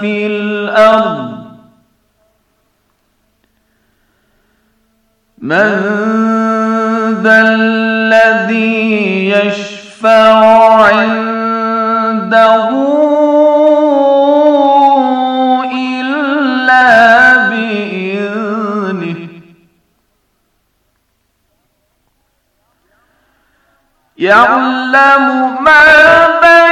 في الأرض من ذا الذي يشفع عنده إلا بإذنه يعلم ما بين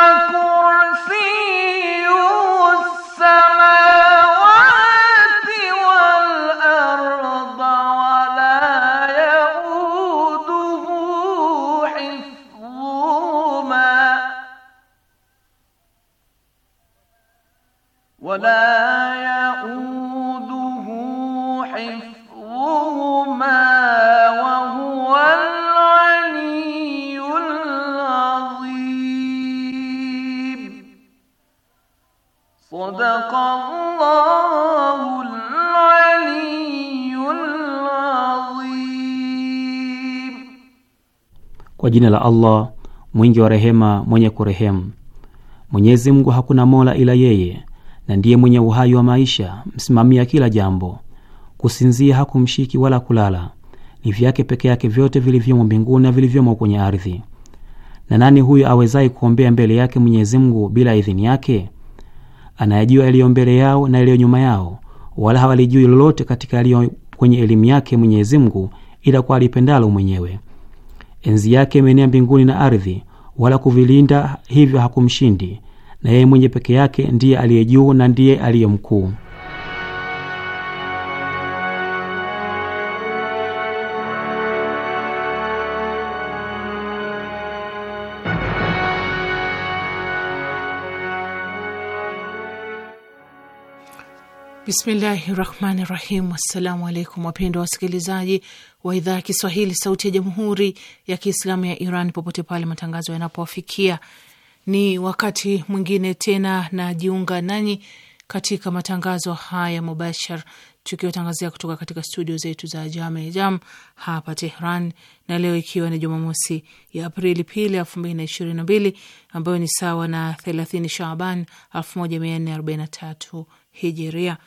Kwa jina la Allah mwingi wa rehema, mwenye kurehemu. Mwenyezi Mungu hakuna mola ila yeye, na ndiye mwenye uhai wa maisha, msimamia kila jambo. Kusinzia hakumshiki wala kulala. Ni vyake peke yake vyote vilivyomo mbinguni na vilivyomo kwenye ardhi. Na nani huyo awezaye kuombea mbele yake Mwenyezi Mungu bila idhini yake? anayajua yaliyo mbele yao na yaliyo nyuma yao, wala hawalijui lolote katika yaliyo kwenye elimu yake Mwenyezi Mungu ila kwa alipendalo mwenyewe. Enzi yake imeenea mbinguni na ardhi, wala kuvilinda hivyo hakumshindi, na yeye mwenye peke yake ndiye aliye juu na ndiye aliye mkuu. Bismillahi rahmani rahim. Assalamu alaikum wapendwa wasikilizaji wa idhaa ya Kiswahili sauti ya jamhuri ya Kiislamu ya Iran popote pale matangazo yanapowafikia, ni wakati mwingine tena najiunga nanyi katika matangazo haya mubashar, tukiwatangazia kutoka katika studio zetu za Jame Jam hapa Tehran, na leo ikiwa ni Jumamosi ya Aprili pili elfu mbili na ishirini na mbili ambayo ni sawa na thelathini Shaban elfu moja mia nne arobaini na tatu hijiria.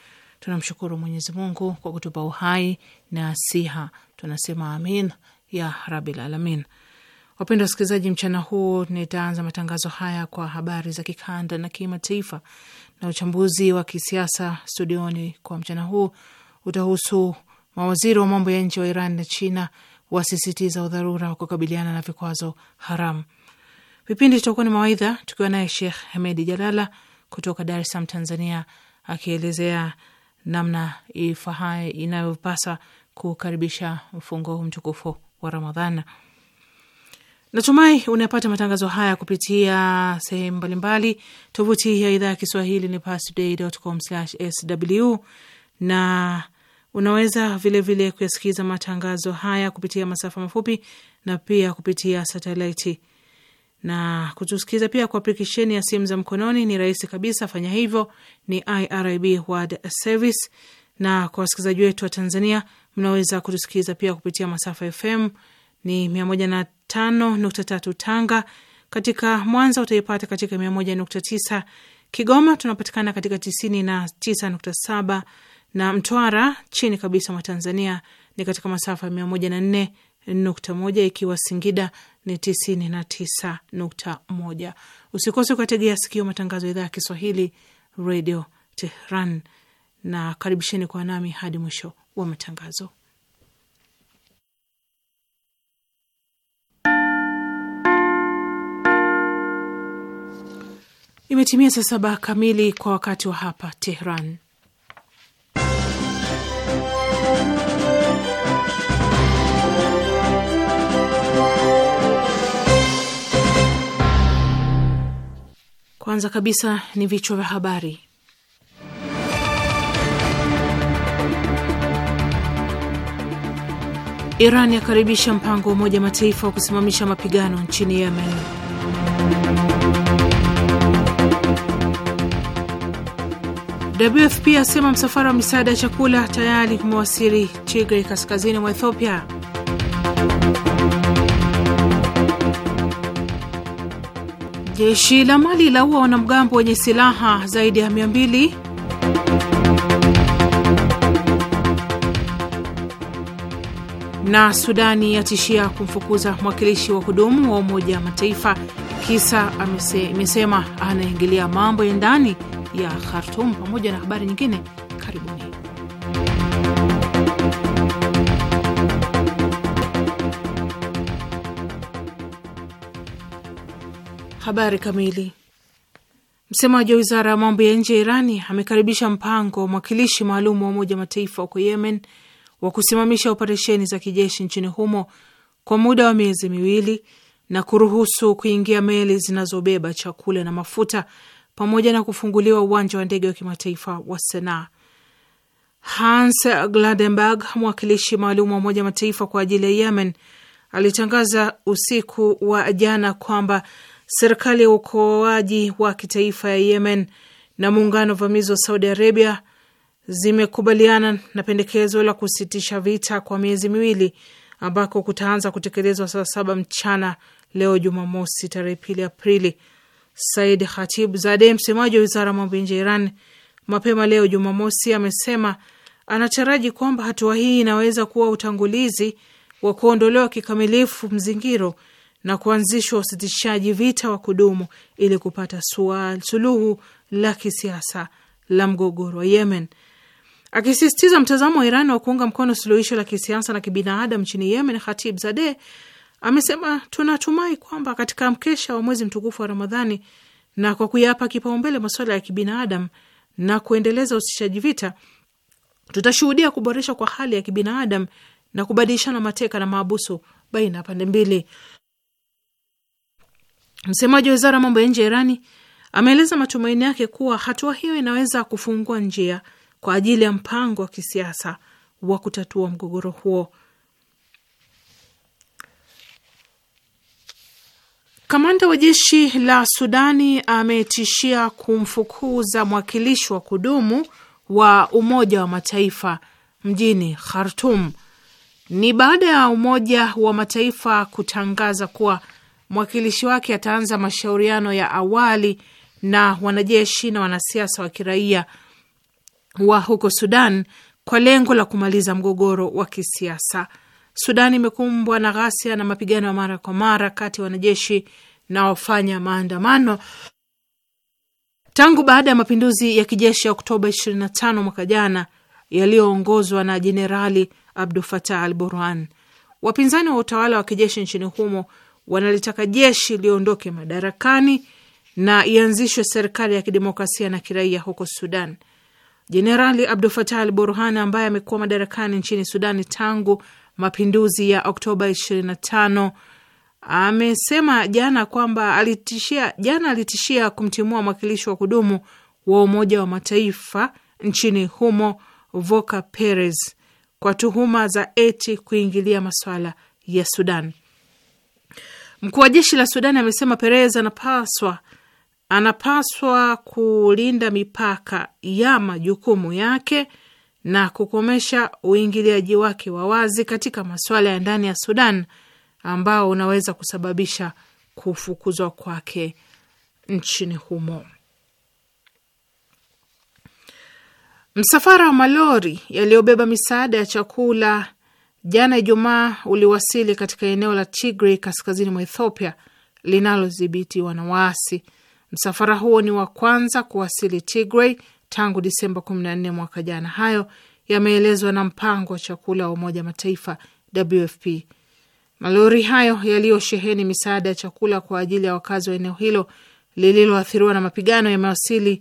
Tunamshukuru Mwenyezi Mungu kwa kutupa uhai na siha, tunasema amin ya rabil alamin. Wapendwa wasikilizaji, mchana huu nitaanza matangazo haya kwa habari za kikanda na kimataifa, na uchambuzi wa kisiasa studioni kwa mchana huu utahusu mawaziri wa mambo ya nje wa Iran na China wasisitiza udharura wa kukabiliana na vikwazo haramu. Vipindi tutakuwa ni mawaidha, tukiwa naye Shekh Hamedi Jalala kutoka Dar es Salaam, Tanzania, akielezea namna ifahaye inayopasa kukaribisha mfungo mtukufu wa Ramadhana. Natumai unapata matangazo haya kupitia sehemu mbalimbali. Tovuti ya idhaa ya Kiswahili ni parstoday.com/sw, na unaweza vilevile kuyasikiza matangazo haya kupitia masafa mafupi na pia kupitia satelaiti na kutusikiza pia kwa aplikesheni ya simu za mkononi. Ni rahisi kabisa, fanya hivyo, ni IRIB World Service. Na kwa wasikilizaji wetu wa Tanzania, mnaweza kutusikiliza pia kupitia masafa FM ni 105.3 Tanga, katika Mwanza utaipata katika 101.9, Kigoma tunapatikana katika 99.7 na na Mtwara chini kabisa mwa Tanzania ni katika masafa 104 nukta moja ikiwa Singida ni tisini na tisa nukta moja. Usikose kuategea sikio matangazo ya idhaa ya Kiswahili Radio Tehran, na karibisheni kwa nami hadi mwisho wa matangazo. Imetimia saa saba kamili kwa wakati wa hapa Tehran. Kwanza kabisa ni vichwa vya habari. Iran yakaribisha mpango wa Umoja Mataifa wa kusimamisha mapigano nchini Yemen. WFP asema msafara wa misaada ya chakula tayari umewasili Tigray kaskazini mwa Ethiopia. Jeshi la Mali laua wanamgambo wenye silaha zaidi ya 200. Na Sudani yatishia kumfukuza mwakilishi wa kudumu wa Umoja wa Mataifa, kisa imesema anaingilia mambo ya ndani ya Khartoum, pamoja na habari nyingine. Habari kamili. Msemaji wa wizara ya mambo ya nje ya Irani amekaribisha mpango wa mwakilishi maalum wa Umoja Mataifa huko Yemen wa kusimamisha operesheni za kijeshi nchini humo kwa muda wa miezi miwili na kuruhusu kuingia meli zinazobeba chakula na mafuta pamoja na kufunguliwa uwanja wa ndege wa kimataifa wa Sanaa. Hans Gladenberg, mwakilishi maalum wa Umoja Mataifa kwa ajili ya Yemen, alitangaza usiku wa jana kwamba serikali ya uokoaji wa kitaifa ya Yemen na muungano vamizi wa Saudi Arabia zimekubaliana na pendekezo la kusitisha vita kwa miezi miwili ambako kutaanza kutekelezwa saa saba mchana leo Jumamosi tarehe pili Aprili. Said Khatib Zade, msemaji wa wizara ya mambo ya nje ya Iran, mapema leo Jumamosi amesema anataraji kwamba hatua hii inaweza kuwa utangulizi wa kuondolewa kikamilifu mzingiro na kuanzishwa usitishaji vita wa kudumu ili kupata sual, suluhu la kisiasa la mgogoro wa Yemen, akisisitiza mtazamo wa Iran wa kuunga mkono suluhisho la kisiasa na kibinadamu nchini Yemen. Khatib Zadeh amesema tunatumai kwamba katika mkesha wa mwezi mtukufu wa Ramadhani na kwa kuyapa kipaumbele masuala ya kibinadamu na kuendeleza usitishaji vita, tutashuhudia kuboresha kwa hali ya kibinadamu na kubadilishana mateka na maabusu baina ya pande mbili. Msemaji wa wizara ya mambo ya nje ya Irani ameeleza matumaini yake kuwa hatua hiyo inaweza kufungua njia kwa ajili ya mpango wa kisiasa wa kutatua mgogoro huo. Kamanda wa jeshi la Sudani ametishia kumfukuza mwakilishi wa kudumu wa Umoja wa Mataifa mjini Khartum. Ni baada ya Umoja wa Mataifa kutangaza kuwa mwakilishi wake ataanza mashauriano ya awali na wanajeshi na wanasiasa wa kiraia wa huko Sudan kwa lengo la kumaliza mgogoro wa kisiasa. Sudan imekumbwa na ghasia na mapigano ya mara kwa mara kati ya wanajeshi na wafanya maandamano tangu baada ya mapinduzi ya kijeshi ya Oktoba 25 mwaka jana yaliyoongozwa na Jenerali Abdu Fatah al Burhan. Wapinzani wa utawala wa kijeshi nchini humo wanalitaka jeshi liondoke madarakani na ianzishwe serikali ya kidemokrasia na kiraia huko Sudan. Jenerali Abdul Fatah al Burhan ambaye amekuwa madarakani nchini Sudani tangu mapinduzi ya Oktoba 25 amesema jana kwamba alitishia, jana alitishia kumtimua mwakilishi wa kudumu wa Umoja wa Mataifa nchini humo Voka Perez kwa tuhuma za eti kuingilia masuala ya Sudan. Mkuu wa jeshi la Sudani amesema Perez anapaswa anapaswa kulinda mipaka ya majukumu yake na kukomesha uingiliaji wake wa wazi katika masuala ya ndani ya Sudan ambao unaweza kusababisha kufukuzwa kwake nchini humo. Msafara wa malori yaliyobeba misaada ya chakula jana Ijumaa uliwasili katika eneo la Tigray kaskazini mwa Ethiopia linalodhibitiwa na waasi. Msafara huo ni wa kwanza kuwasili Tigray tangu Disemba 14 mwaka jana. Hayo yameelezwa na mpango wa chakula wa Umoja Mataifa, WFP. Malori hayo yaliyosheheni misaada ya chakula kwa ajili ya wakazi wa eneo hilo lililoathiriwa na mapigano yamewasili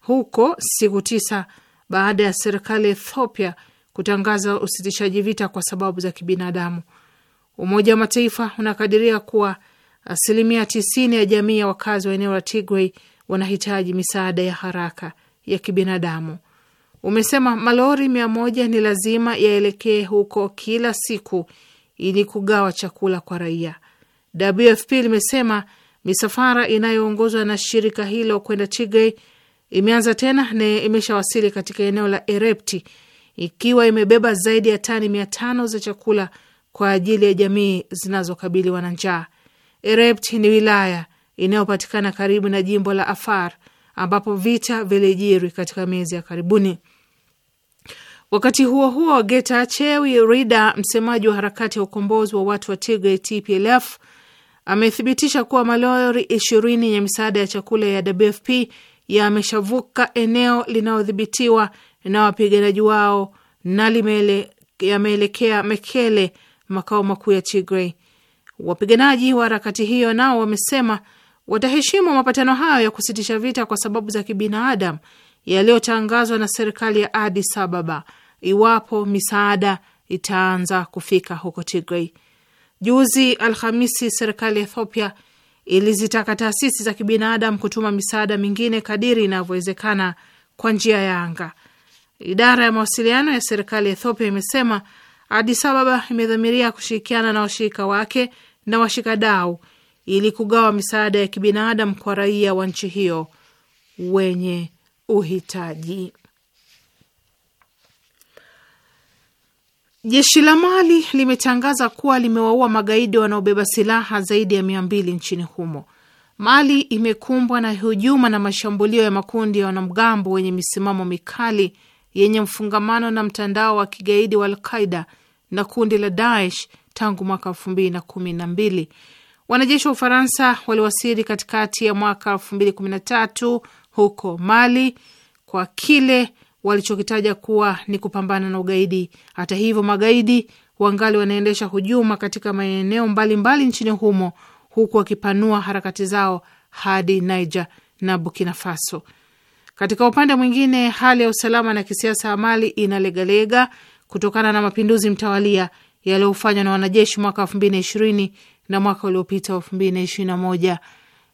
huko siku tisa baada ya serikali ya Ethiopia kutangaza usitishaji vita kwa sababu za kibinadamu. Umoja wa Mataifa unakadiria kuwa asilimia tisini ya jamii ya wakazi wa eneo la Tigray wanahitaji misaada ya haraka ya kibinadamu. Umesema malori mia moja ni lazima yaelekee huko kila siku ili kugawa chakula kwa raia. WFP limesema misafara inayoongozwa na shirika hilo kwenda Tigray imeanza tena na imeshawasili katika eneo la Erepti ikiwa imebeba zaidi ya tani mia tano za chakula kwa ajili ya jamii zinazokabiliwa na njaa. Erept ni wilaya inayopatikana karibu na jimbo la Afar ambapo vita vilijiri katika miezi ya karibuni. Wakati huo huo, Getachew Rida, msemaji wa harakati ya ukombozi wa watu wa Tigray TPLF, amethibitisha kuwa malori ishirini ya misaada ya chakula ya WFP yameshavuka eneo linalodhibitiwa na wapiganaji wao na yameelekea Mekele, makao makuu ya Tigray. Wapiganaji wa harakati hiyo nao wamesema wataheshimu mapatano hayo ya kusitisha vita kwa sababu za kibinadamu yaliyotangazwa na serikali ya Addis Ababa iwapo misaada itaanza kufika huko Tigray. Juzi Alhamisi, serikali ya Ethiopia ilizitaka taasisi za kibinadamu kutuma misaada mingine kadiri inavyowezekana kwa njia ya anga. Idara ya mawasiliano ya serikali ya Ethiopia imesema Addis Ababa imedhamiria kushirikiana na washirika wake na washikadau ili kugawa misaada ya kibinadamu kwa raia wa nchi hiyo wenye uhitaji. Jeshi la Mali limetangaza kuwa limewaua magaidi wanaobeba silaha zaidi ya mia mbili nchini humo. Mali imekumbwa na hujuma na mashambulio ya makundi ya wanamgambo wenye misimamo mikali yenye mfungamano na mtandao wa kigaidi wa Alqaida na kundi la Daesh tangu mwaka elfu mbili na kumi na mbili. Wanajeshi wa Ufaransa waliwasili katikati ya mwaka elfu mbili kumi na tatu huko Mali kwa kile walichokitaja kuwa ni kupambana na ugaidi. Hata hivyo, magaidi wangali wanaendesha hujuma katika maeneo mbalimbali nchini humo huku wakipanua harakati zao hadi Niger na Burkina Faso. Katika upande mwingine, hali ya usalama na kisiasa ya Mali inalegalega kutokana na mapinduzi mtawalia yaliyofanywa na wanajeshi mwaka elfu mbili na ishirini na mwaka uliopita elfu mbili na ishirini na moja.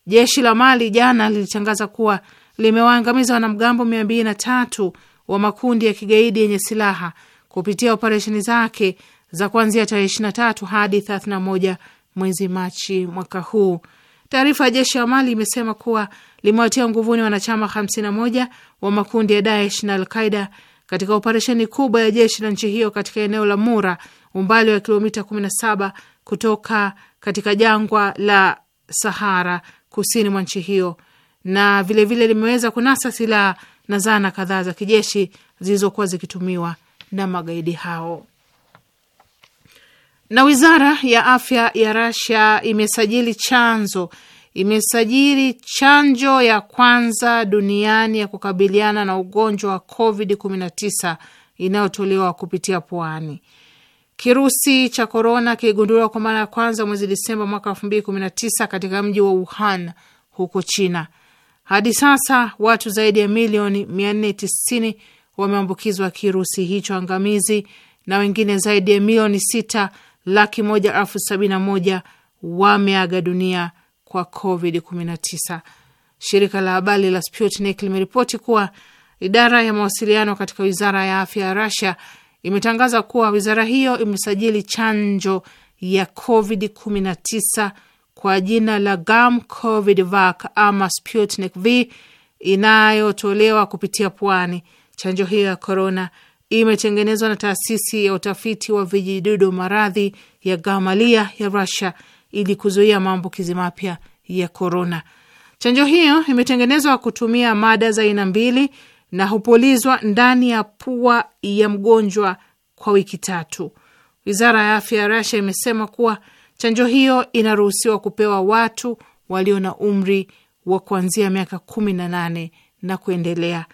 Jeshi la Mali jana lilitangaza kuwa limewaangamiza wanamgambo mia mbili na tatu wa makundi ya kigaidi yenye silaha kupitia operesheni zake za kuanzia tarehe tatu hadi moja mwezi Machi mwaka huu. Taarifa ya jeshi ya Mali imesema kuwa limewatia nguvuni wanachama 51 wa makundi ya Daesh na Alqaida katika operesheni kubwa ya jeshi la nchi hiyo katika eneo la Mura, umbali wa kilomita 17 kutoka katika jangwa la Sahara kusini mwa nchi hiyo, na vilevile limeweza kunasa silaha na zana kadhaa za kijeshi zilizokuwa zikitumiwa na magaidi hao. Na wizara ya afya ya Rasia imesajili chanzo imesajili chanjo ya kwanza duniani ya kukabiliana na ugonjwa wa COVID-19 inayotolewa kupitia puani. Kirusi cha korona kiligunduliwa kwa mara ya kwanza mwezi Disemba mwaka 2019 katika mji wa Wuhan huko China. Hadi sasa watu zaidi ya milioni 490 wameambukizwa kirusi hicho angamizi na wengine zaidi ya milioni sita laki moja elfu sabini na moja wameaga dunia kwa Covid 19. Shirika la habari la Sputnik limeripoti kuwa idara ya mawasiliano katika wizara ya afya ya Rasia imetangaza kuwa wizara hiyo imesajili chanjo ya Covid 19 kwa jina la Gam Covid Vac ama Sputnik V inayotolewa kupitia puani. Chanjo hiyo ya korona imetengenezwa na taasisi ya utafiti wa vijidudu maradhi ya Gamalia ya Rusia ili kuzuia maambukizi mapya ya korona. Chanjo hiyo imetengenezwa kutumia mada za aina mbili na hupulizwa ndani ya pua ya mgonjwa kwa wiki tatu. Wizara ya afya ya Russia imesema kuwa chanjo hiyo inaruhusiwa kupewa watu walio na umri wa kuanzia miaka kumi na nane na kuendelea.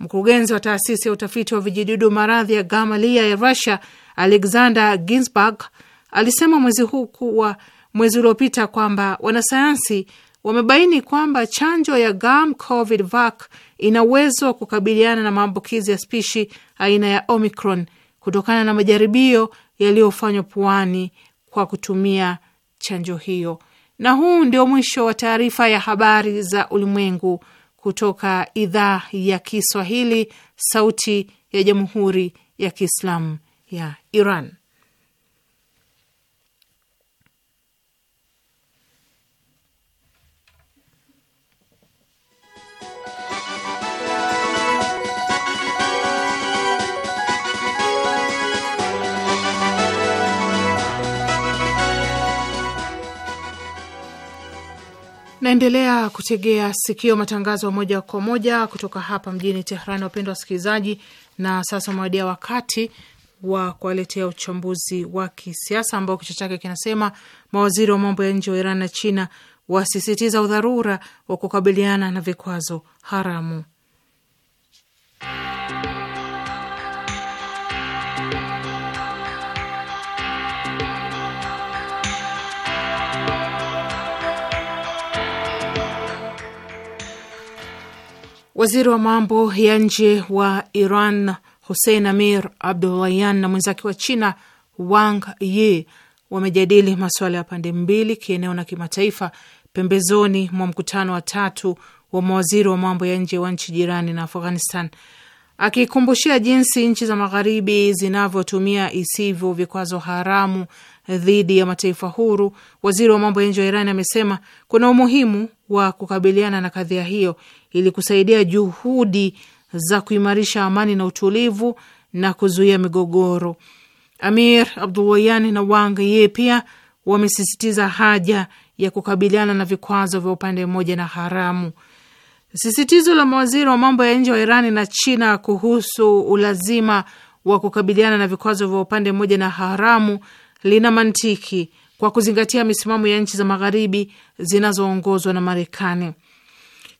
Mkurugenzi wa taasisi ya utafiti wa vijidudu maradhi ya gamalia ya Russia, Alexander ginsburg alisema mwezi huu kuwa mwezi uliopita kwamba wanasayansi wamebaini kwamba chanjo ya gam covid vac ina uwezo wa kukabiliana na maambukizi ya spishi aina ya Omicron kutokana na majaribio yaliyofanywa puani kwa kutumia chanjo hiyo. Na huu ndio mwisho wa taarifa ya habari za ulimwengu kutoka idhaa ya Kiswahili, Sauti ya Jamhuri ya Kiislamu ya Iran. Naendelea kutegea sikio matangazo moja kwa moja kutoka hapa mjini tehran wapendwa wasikilizaji, na sasa umewadia wakati wa kuwaletea uchambuzi wa kisiasa ambao kichwa chake kinasema mawaziri wa mambo ya nje wa Iran na China wasisitiza udharura wa kukabiliana na vikwazo haramu. Waziri wa mambo ya nje wa Iran Hussein Amir abdullayan na mwenzake wa China Wang Yi wamejadili masuala ya pande mbili kieneo na kimataifa pembezoni mwa mkutano wa tatu wa mawaziri wa mambo ya nje wa nchi jirani na Afghanistan, akikumbushia jinsi nchi za magharibi zinavyotumia isivyo vikwazo haramu dhidi ya mataifa huru, waziri wa mambo ya nje wa Iran amesema kuna umuhimu wa kukabiliana na kadhia hiyo ili kusaidia juhudi za kuimarisha amani na utulivu na kuzuia migogoro. Amir Abdulwayan na Wang ye pia wamesisitiza haja ya kukabiliana na vikwazo vya upande mmoja na haramu. Sisitizo la mawaziri wa mambo ya nje wa Irani na China kuhusu ulazima wa kukabiliana na vikwazo vya upande mmoja na haramu lina mantiki kwa kuzingatia misimamo ya nchi za magharibi zinazoongozwa na Marekani.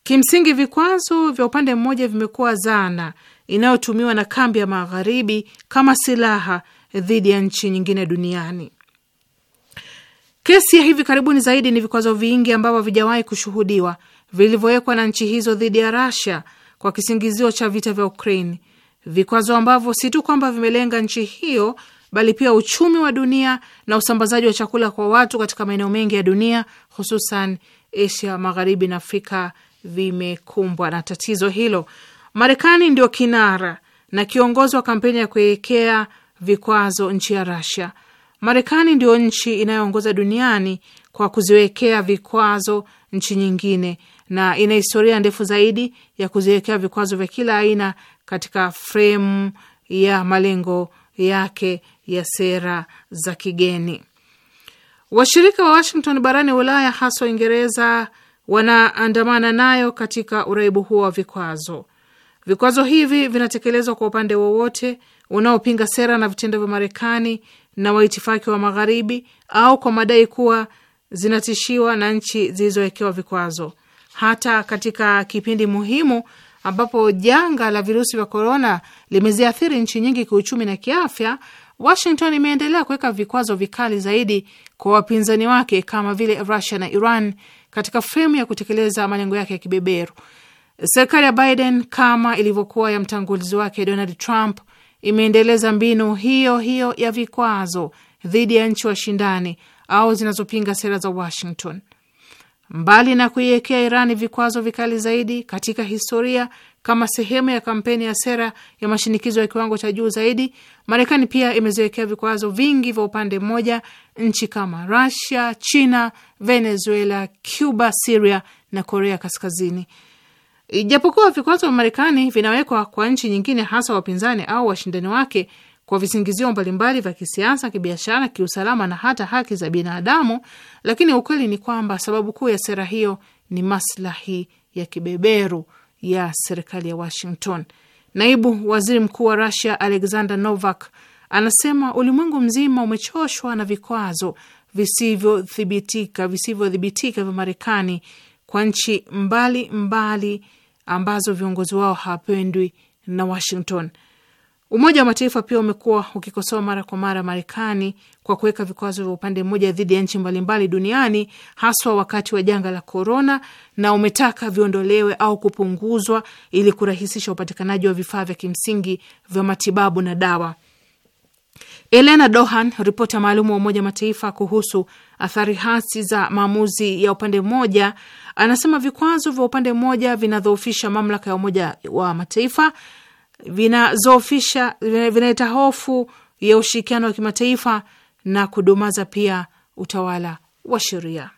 Kimsingi, vikwazo vya upande mmoja vimekuwa zana inayotumiwa na kambi ya magharibi kama silaha dhidi ya nchi nyingine duniani. Kesi ya hivi karibuni zaidi ni vikwazo vingi ambavyo havijawahi kushuhudiwa vilivyowekwa na nchi hizo dhidi ya Rasia kwa kisingizio cha vita vya Ukraine, vikwazo ambavyo si tu kwamba vimelenga nchi hiyo bali pia uchumi wa dunia na usambazaji wa chakula kwa watu katika maeneo mengi ya dunia, hususan Asia Magharibi na Afrika vimekumbwa na tatizo hilo. Marekani ndio kinara na kiongozi wa kampeni ya kuelekea vikwazo nchi ya Rasia. Marekani ndio nchi inayoongoza duniani kwa kuziwekea vikwazo nchi nyingine na ina historia ndefu zaidi ya kuziwekea vikwazo vya kila aina katika fremu ya malengo yake ya sera za kigeni. Washirika wa Washington barani Ulaya, hasa Uingereza, wanaandamana nayo katika uraibu huo wa vikwazo. Vikwazo hivi vinatekelezwa kwa upande wowote unaopinga sera na vitendo vya Marekani na waitifaki wa Magharibi au kwa madai kuwa zinatishiwa na nchi zilizowekewa vikwazo. Hata katika kipindi muhimu ambapo janga la virusi vya korona limeziathiri nchi nyingi kiuchumi na kiafya, Washington imeendelea kuweka vikwazo vikali zaidi kwa wapinzani wake kama vile Rusia na Iran katika fremu ya kutekeleza malengo yake ya kibeberu. Serikali ya Biden kama ilivyokuwa ya mtangulizi wake Donald Trump imeendeleza mbinu hiyo hiyo ya vikwazo dhidi ya nchi washindani au zinazopinga sera za Washington. Mbali na kuiwekea Irani vikwazo vikali zaidi katika historia kama sehemu ya kampeni ya sera ya mashinikizo ya kiwango cha juu zaidi, Marekani pia imeziwekea vikwazo vingi vya upande mmoja nchi kama Rusia, China, Venezuela, Cuba, Siria na Korea Kaskazini. Ijapokuwa vikwazo vya Marekani vinawekwa kwa nchi nyingine, hasa wapinzani au washindani wake, kwa visingizio mbalimbali vya kisiasa, kibiashara, kiusalama na hata haki za binadamu, lakini ukweli ni kwamba sababu kuu ya sera hiyo ni maslahi ya kibeberu ya serikali ya Washington. Naibu waziri mkuu wa Rusia Alexander Novak anasema ulimwengu mzima umechoshwa na vikwazo visivyothibitika visivyothibitika vya Marekani kwa nchi mbali mbali ambazo viongozi wao hawapendwi na Washington. Umoja wa Mataifa pia umekuwa ukikosoa mara kwa mara Marekani kwa kuweka vikwazo vya upande mmoja dhidi ya nchi mbalimbali duniani haswa wakati wa janga la korona, na umetaka viondolewe au kupunguzwa ili kurahisisha upatikanaji wa vifaa vya kimsingi vya matibabu na dawa. Elena Dohan, ripota maalum wa Umoja Mataifa kuhusu athari hasi za maamuzi ya upande mmoja, anasema vikwazo vya upande mmoja vinadhoofisha mamlaka ya Umoja wa Mataifa vinazoofisha, vinaleta hofu ya ushirikiano wa kimataifa na kudumaza pia utawala wa sheria.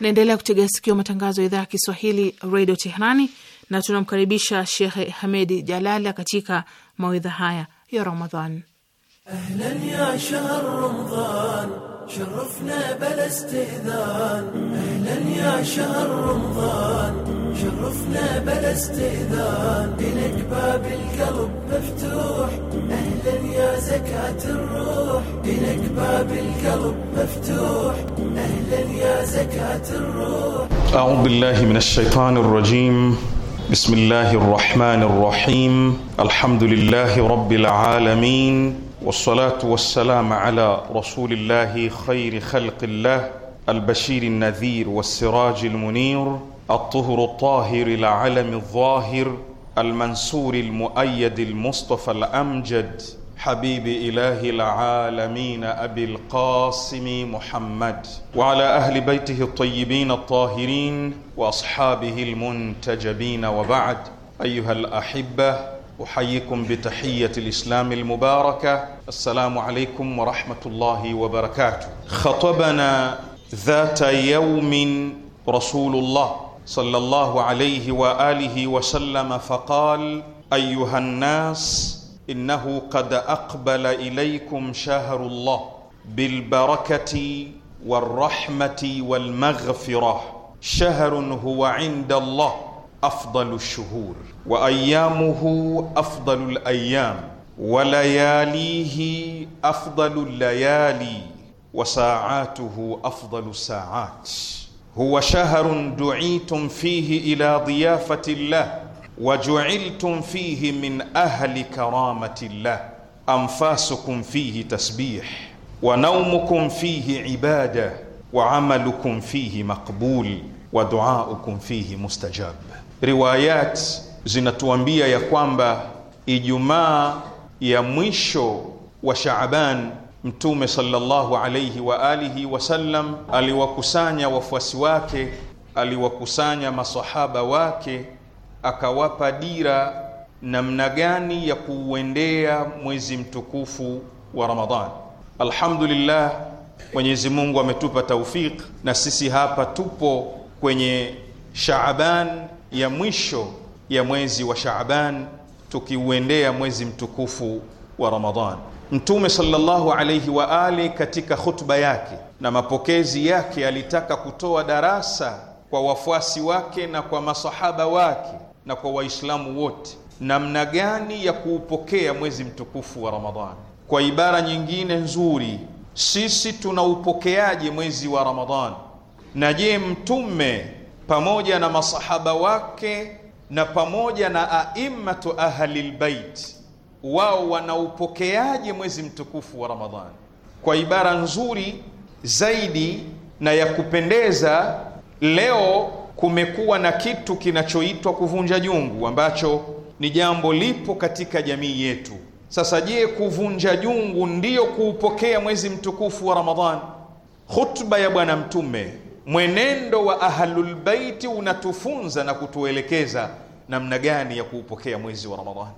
Naendelea kutega sikio matangazo ya idhaa ya Kiswahili, redio Teherani. na tunamkaribisha Shekhe Hamedi Jalala katika mawidha haya ya Ramadhan. Ahlan ya shahr Ramadhan, sharafna bila istidhan. Ahlan ya shahr Ramadhan, sharafna bila istidhan. Ilak bab alqalb maftuh, ahlan ya zakat alruh. Ilak bab alqalb maftuh, ahlan ya zakat alruh. A'udhu billahi minash shaitani rrajim. بسم الله الرحمن الرحيم الحمد لله رب العالمين والصلاه والسلام على رسول الله خير خلق الله البشير النذير والسراج المنير الطهر الطاهر العلم الظاهر المنصور المؤيد المصطفى الامجد حبيب إله العالمين أبي القاسم محمد وعلى أهل بيته الطيبين الطاهرين وأصحابه المنتجبين وبعد أيها الأحبة أحييكم بتحية الإسلام المباركة السلام عليكم ورحمة الله وبركاته خطبنا ذات يوم رسول الله صلى الله عليه وآله وسلم فقال أيها الناس انه قد اقبل اليكم شهر الله بالبركه والرحمه والمغفره شهر هو عند الله افضل الشهور وايامه افضل الايام ولياليه افضل الليالي وساعاته افضل الساعات هو شهر دعيتم فيه الى ضيافه الله wajuiltum fihi min ahli karamati llah anfasukum fihi tasbih wa naumukum fihi ibada wa amalukum fihi maqbul wa duaukum fihi mustajab. Riwayat zinatuambia ya kwamba Ijumaa ya mwisho wa Shaaban Mtume sallallahu alayhi wa alihi wasallam aliwakusanya wafuasi wake, aliwakusanya masahaba wake akawapa dira namna gani ya kuuendea mwezi mtukufu wa Ramadhan. Alhamdulillah, Mwenyezi Mungu ametupa taufik na sisi hapa tupo kwenye Shaaban ya mwisho ya mwezi wa Shaaban tukiuendea mwezi mtukufu wa Ramadhan. Mtume sallallahu alayhi wa ali katika khutba yake na mapokezi yake alitaka kutoa darasa kwa wafuasi wake na kwa masahaba wake na kwa Waislamu wote namna gani ya kuupokea mwezi mtukufu wa Ramadhani. Kwa ibara nyingine nzuri, sisi tunaupokeaje mwezi wa Ramadhani? Na je, Mtume pamoja na masahaba wake na pamoja na aimmatu ahlil bait wao wanaupokeaje mwezi mtukufu wa Ramadhani? Kwa ibara nzuri zaidi na ya kupendeza leo kumekuwa na kitu kinachoitwa kuvunja jungu ambacho ni jambo lipo katika jamii yetu. Sasa je, kuvunja jungu ndiyo kuupokea mwezi mtukufu wa Ramadhani? Khutba ya Bwana Mtume, mwenendo wa Ahlulbaiti unatufunza na kutuelekeza namna gani ya kuupokea mwezi wa Ramadhani.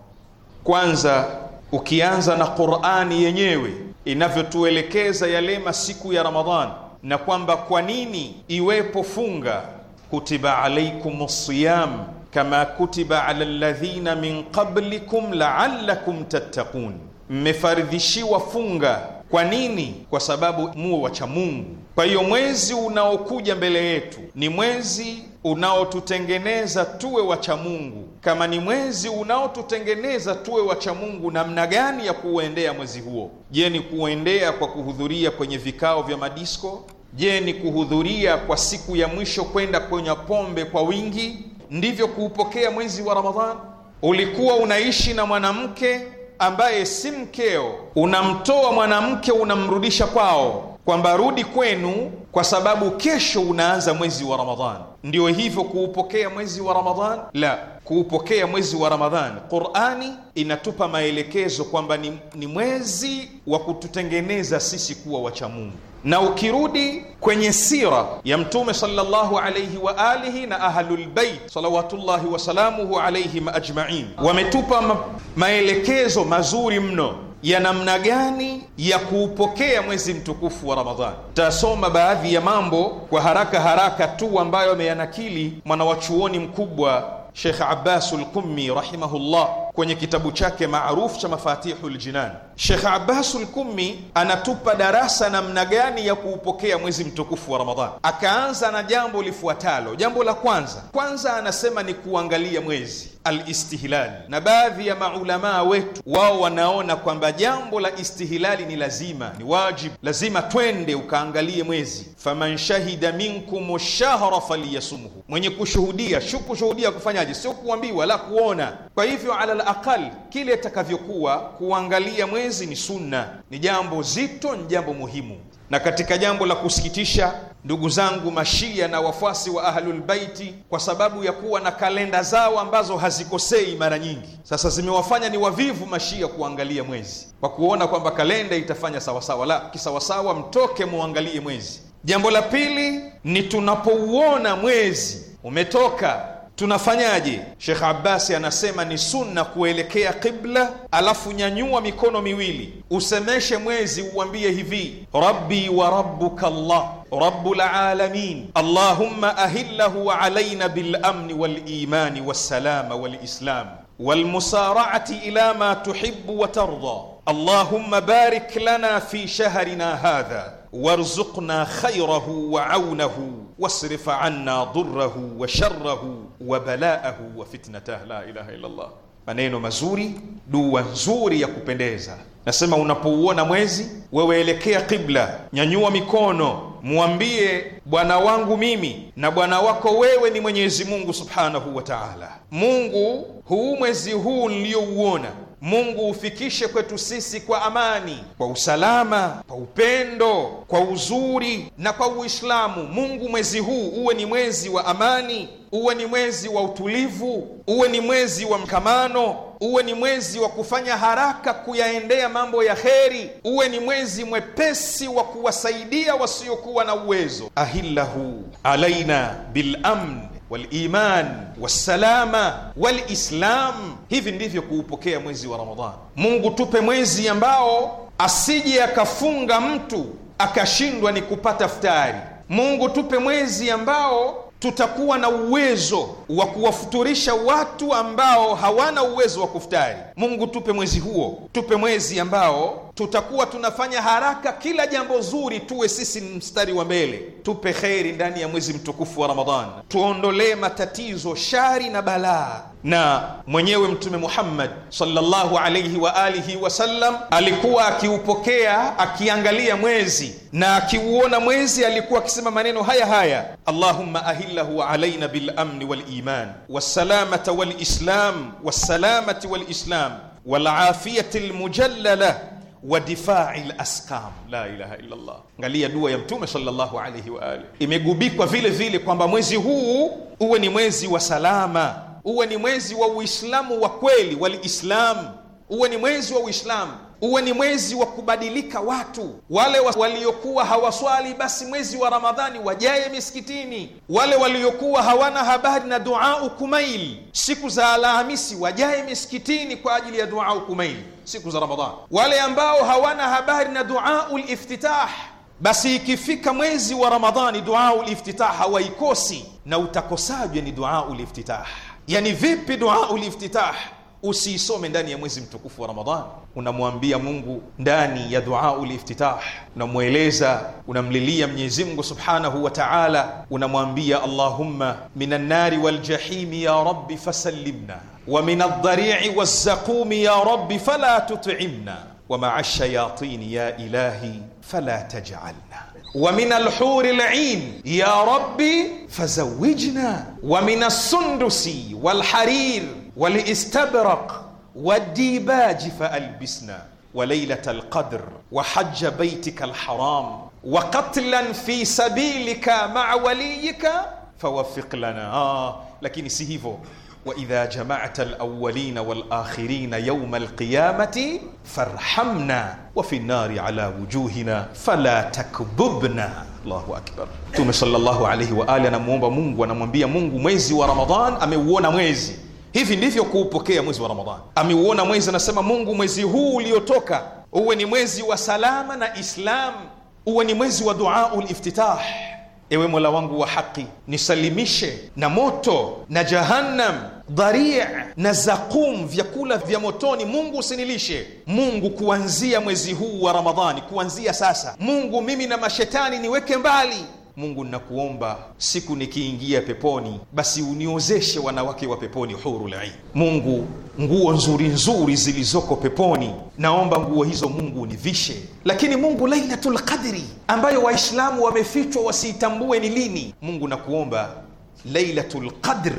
Kwanza, ukianza na Qur'ani yenyewe inavyotuelekeza yale masiku ya Ramadhani na kwamba kwa nini iwepo funga kutiba alaikum siyam kama kutiba ala alladhina min qablikum laallakum tattaqun, mmefaridhishiwa funga. Kwa nini? Kwa sababu muwe wacha Mungu. Kwa hiyo mwezi unaokuja mbele yetu ni mwezi unaotutengeneza tuwe wacha Mungu. Kama ni mwezi unaotutengeneza tuwe wacha Mungu, namna gani ya kuuendea mwezi huo? Je, ni kuuendea kwa kuhudhuria kwenye vikao vya madisko Je, ni kuhudhuria kwa siku ya mwisho kwenda kwenye pombe kwa wingi ndivyo kuupokea mwezi wa Ramadhan? Ulikuwa unaishi na mwanamke ambaye si mkeo, unamtoa mwanamke unamrudisha kwao, kwamba rudi kwenu, kwa sababu kesho unaanza mwezi wa Ramadhan. Ndiyo hivyo kuupokea mwezi wa Ramadhan? La kuupokea mwezi wa Ramadhani, Qur'ani inatupa maelekezo kwamba ni, ni mwezi wa kututengeneza sisi kuwa wacha Mungu. Na ukirudi kwenye sira ya Mtume sallallahu alayhi wa alihi na ahlul bait salawatullahi wasalamuhu alayhim ajma'in, wametupa ma maelekezo mazuri mno ya namna gani ya kuupokea mwezi mtukufu wa Ramadhani. Tasoma baadhi ya mambo kwa haraka haraka tu ambayo ameyanakili mwanawachuoni mkubwa شيخ عباس القمي رحمه الله kwenye kitabu chake maarufu cha mafatihu ljinan shekh abbasu Lkumi anatupa darasa namna gani ya kuupokea mwezi mtukufu wa ramadan Akaanza na jambo lifuatalo. Jambo la kwanza kwanza, anasema ni kuangalia mwezi alistihlali, na baadhi ya maulamaa wetu wao wanaona kwamba jambo la istihlali ni lazima, ni wajibu, lazima twende ukaangalie mwezi. Faman shahida minkum shahra falyasumhu, mwenye kushuhudia. Shukushuhudia kufanyaje? Sio kuambiwa la kuona. Kwa hivyo ala alal aqal kile itakavyokuwa. Kuangalia mwezi ni sunna, ni jambo zito, ni jambo muhimu. Na katika jambo la kusikitisha, ndugu zangu Mashia na wafuasi wa Ahlulbaiti, kwa sababu ya kuwa na kalenda zao ambazo hazikosei mara nyingi, sasa zimewafanya ni wavivu Mashia kuangalia mwezi kwa kuona kwamba kalenda itafanya sawasawa. La, kisawasawa, mtoke muangalie mwezi. Jambo la pili ni tunapouona mwezi umetoka tunafanyaje? Shekh Abbasi anasema ni sunna kuelekea qibla, alafu nyanyua mikono miwili, usemeshe mwezi, uambie hivi rabbi wa rabbuka Allah rabbul alamin allahumma ahillahu alaina bilamni walimani wassalama walislam walmusaraati ila ma tuhibbu wa tarda allahumma barik lana fi shahrina hadha warzuqna khairahu wa aunahu wasrif anna dhurrahu wa sharrahu wa balaahu wa fitnatahu la ilaha illa Allah. Maneno mazuri, dua nzuri ya kupendeza. Nasema unapouona mwezi wewe, elekea qibla, nyanyua mikono, mwambie Bwana wangu mimi na Bwana wako wewe ni Mwenyezi Mungu subhanahu wa taala. Mungu, huu mwezi huu niliyouona Mungu ufikishe kwetu sisi kwa amani, kwa usalama, kwa upendo, kwa uzuri na kwa Uislamu. Mungu, mwezi huu uwe ni mwezi wa amani, uwe ni mwezi wa utulivu, uwe ni mwezi wa mkamano uwe ni mwezi wa kufanya haraka kuyaendea mambo ya kheri, uwe ni mwezi mwepesi wa kuwasaidia wasiokuwa na uwezo. ahillahu alaina bilamn waliman wassalama walislam. Hivi ndivyo kuupokea mwezi wa Ramadhani. Mungu tupe mwezi ambao asije akafunga mtu akashindwa ni kupata futari. Mungu tupe mwezi ambao tutakuwa na uwezo wa kuwafuturisha watu ambao hawana uwezo wa kufutari. Mungu, tupe mwezi huo, tupe mwezi ambao tutakuwa tunafanya haraka kila jambo zuri, tuwe sisi mstari wa mbele. Tupe kheri ndani ya mwezi mtukufu wa Ramadhan, tuondolee matatizo, shari na balaa. Na mwenyewe Mtume Muhammad sallallahu alayhi wa alihi wasallam alikuwa akiupokea akiangalia mwezi na akiuona mwezi, alikuwa akisema maneno haya haya: Allahumma ahillahu alaina bilamni waliman wasalamata walislam wasalamati walislam walafiyati lmujallala wa difai laskam. La ilaha illa llah Angalia dua ya Mtume sallallahu alayhi wa alihi, imegubikwa vile vile kwamba mwezi huu uwe ni mwezi wa salama, uwe ni mwezi wa Uislamu wa kweli, walislamu, uwe ni mwezi wa Uislamu uwe ni mwezi wa kubadilika watu. Wale waliokuwa hawaswali basi mwezi wa Ramadhani wajaye misikitini, wale waliokuwa hawana habari na duau kumail siku za Alhamisi wajaye misikitini kwa ajili ya duau kumail siku za Ramadhani. Wale ambao hawana habari na duau liftitah basi ikifika mwezi wa Ramadhani duau liftitah hawaikosi, na utakosajwe ni duau liftitah. Yani vipi duau liftitah? usiisome ndani ya mwezi mtukufu wa Ramadhani. Unamwambia Mungu ndani ya duaul iftitah, unamweleza, unamlilia Mwenyezi Mungu subhanahu wa taala, unamwambia Allahumma minan nari wal jahimi ya rabbi fasallimna wa min aldharii wazzaqumi ya rabbi fala tut'imna wa ma'a shayatini ya ilahi fala taj'alna wa min alhuri lain ya rabbi fazawijna wa min assundusi walharir والاستبرق والديباج فألبسنا وليلة القدر وحج بيتك الحرام وقتلا في سبيلك مع وليك فوفق لنا آه لكن سيهيفو وإذا جمعت الأولين والآخرين يوم القيامة فارحمنا وفي النار على وجوهنا فلا تكببنا الله اكبر Mtume صلى الله عليه واله anamuomba Mungu, anamwambia Mungu, mwezi wa Ramadhan ameuona mwezi Hivi ndivyo kuupokea mwezi wa Ramadhani. Ameuona mwezi, anasema Mungu, mwezi huu uliotoka uwe ni mwezi wa salama na Islam, uwe ni mwezi wa duau liftitah Ewe Mola wangu wa haki, nisalimishe na moto na jahannam, dharii na zaqum, vyakula vya motoni. Mungu usinilishe. Mungu, kuanzia mwezi huu wa Ramadhani, kuanzia sasa, Mungu mimi na mashetani niweke mbali Mungu nakuomba siku nikiingia peponi, basi uniozeshe wanawake wa peponi, huru lain. Mungu, nguo nzuri nzuri zilizoko peponi, naomba nguo hizo Mungu univishe. Lakini Mungu, Lailatul Qadri ambayo Waislamu wamefichwa wasiitambue ni lini, Mungu nakuomba, Lailatul Qadr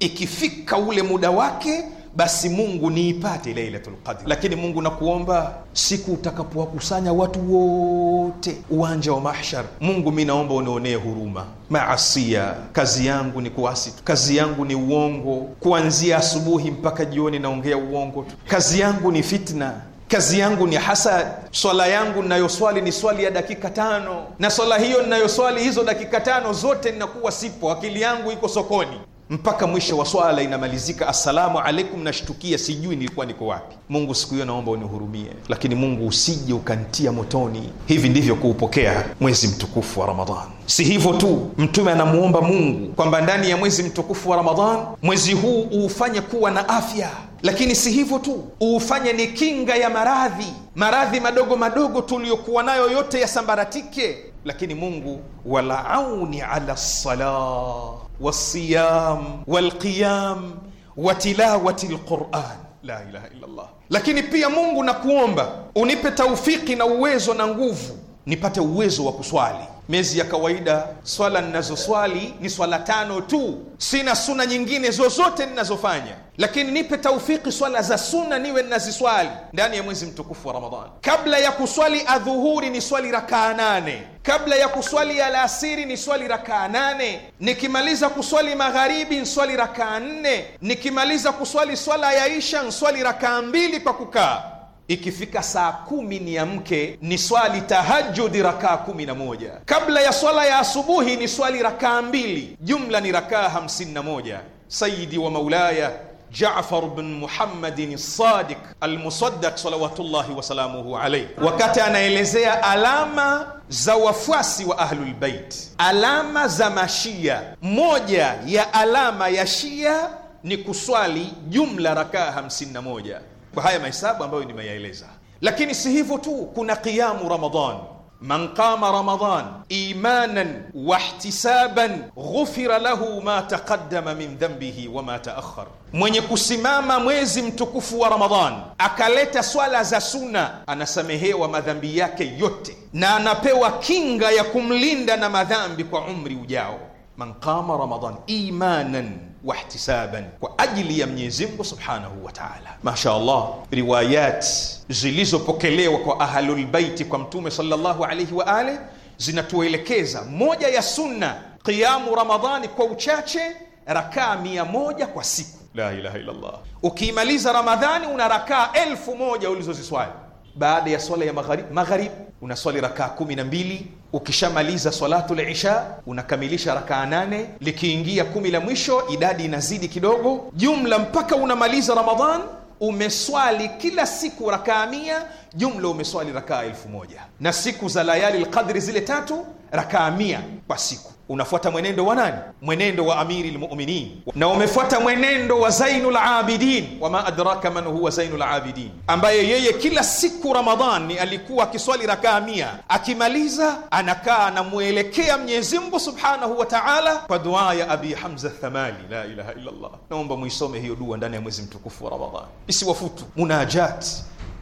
ikifika ule muda wake basi Mungu niipate Lailatul Qadr. Lakini Mungu nakuomba, siku utakapowakusanya watu wote uwanja wa mahshar, Mungu mi naomba unionee huruma. Maasia, kazi yangu ni kuasi tu, kazi yangu ni uongo, kuanzia asubuhi mpaka jioni naongea uongo tu, kazi yangu ni fitna kazi yangu ni hasa. Swala yangu ninayoswali ni swali ya dakika tano, na swala hiyo ninayoswali hizo dakika tano zote ninakuwa sipo, akili yangu iko sokoni mpaka mwisho wa swala inamalizika, assalamu alaikum, nashtukia sijui nilikuwa niko wapi. Mungu, siku hiyo naomba unihurumie, lakini Mungu usije ukantia motoni. Hivi ndivyo kuupokea mwezi mtukufu wa Ramadhan. Si hivyo tu, Mtume anamuomba Mungu kwamba ndani ya mwezi mtukufu wa Ramadhan, mwezi huu uufanye kuwa na afya, lakini si hivyo tu, uufanye ni kinga ya maradhi, maradhi madogo madogo tuliyokuwa nayo yote yasambaratike. Lakini Mungu, wala auni ala salah wasiyam walqiyam wa tilawati lquran la ilaha illa illallah. Lakini pia Mungu, nakuomba unipe taufiki na uwezo na nguvu nipate uwezo wa kuswali miezi ya kawaida. Swala ninazoswali ni swala tano tu, sina suna nyingine zozote ninazofanya, lakini nipe taufiki swala za suna niwe ninaziswali ndani ya mwezi mtukufu wa Ramadhani. Kabla ya kuswali adhuhuri ni swali rakaa nane, kabla ya kuswali alasiri ni swali rakaa nane, nikimaliza kuswali magharibi nswali rakaa nne, nikimaliza kuswali swala ya isha nswali rakaa mbili kwa kukaa Ikifika saa kumi niamke ni swali tahajudi rakaa kumi na moja kabla ya swala ya asubuhi ni swali rakaa mbili, jumla ni rakaa hamsini na moja. Sayidi wa maulaya Jafar bin Muhammadin Sadiq Almusaddaq salawatullahi wasalamuhu alaihi, wakati anaelezea alama za wafuasi wa Ahlulbeit, alama za Mashia. Moja ya alama ya Shia ni kuswali jumla rakaa hamsini na moja kwa haya mahesabu ambayo nimeyaeleza. Lakini si hivyo tu, kuna qiyamu ramadan Man qama Ramadan imanan wahtisaban ghufira lahu ma taqaddama min dhanbihi wa ma taakhar, mwenye kusimama mwezi mtukufu wa ramadan akaleta swala za suna, anasamehewa madhambi yake yote na anapewa kinga ya kumlinda na madhambi kwa umri ujao. Man qama Ramadan imanan wahtisaban, kwa ajili ya Mwenyezi Mungu subhanahu wa taala. Masha Allah, riwayat zilizopokelewa kwa ahlulbaiti kwa Mtume sallallahu alaihi wa ali zinatuelekeza moja ya sunna qiyamu Ramadhani kwa uchache rakaa mia moja kwa siku. La ilaha illallah. Ukiimaliza Ramadhani una rakaa elfu moja ulizoziswali. Baada ya swala ya magharibi magharibi unaswali rakaa kumi na mbili Ukishamaliza salatu lisha unakamilisha rakaa nane, likiingia kumi la mwisho idadi inazidi kidogo, jumla mpaka unamaliza Ramadhan umeswali kila siku rakaa mia, jumla umeswali rakaa elfu moja na siku za layali lqadri zile tatu rakaa mia kwa siku unafuata mwenendo wa nani? Mwenendo wa amiri lmuminin, na umefuata mwenendo wa zainu labidin. Wama adraka man huwa zainu labidin, ambaye yeye kila siku Ramadhani alikuwa akiswali rakaa mia, akimaliza anakaa anamwelekea Mwenyezi Mungu subhanahu wa taala kwa dua ya Abi Hamza Thamali, la ilaha illallah. Naomba muisome hiyo dua ndani ya mwezi mtukufu wa Ramadhani, isiwafutu munajat,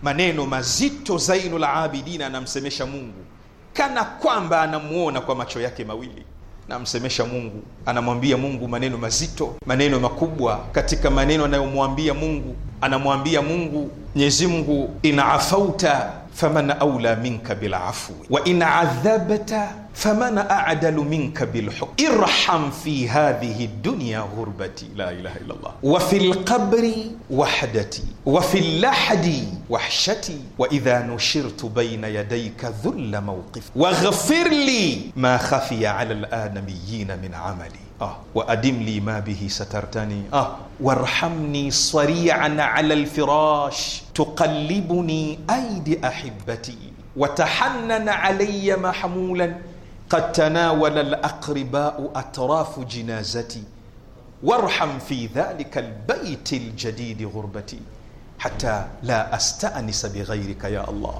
maneno mazito. Zainu labidin anamsemesha Mungu kana kwamba anamuona kwa macho yake mawili namsemesha Mungu, anamwambia Mungu maneno mazito, maneno makubwa. Katika maneno anayomwambia Mungu, anamwambia Mungu, Mwenyezi Mungu, in afauta faman aula minka bil wa in adhabata فمن أعدل منك بالحق ارحم في هذه الدنيا غربتي لا إله إلا الله وفي القبر وحدتي وفي اللحد وحشتي وإذا نشرت بين يديك ذل موقف واغفر لي ما خفي على الآدميين من عملي آه وأدم لي ما به سترتني آه وارحمني صريعا على الفراش تقلبني أيدي أحبتي وتحنن علي محمولا قد tanawala الأقرباء atrafu jinazati warham fi dhalika lbaiti ljadidi ghurbati hata la astanisa bighairika ya Allah.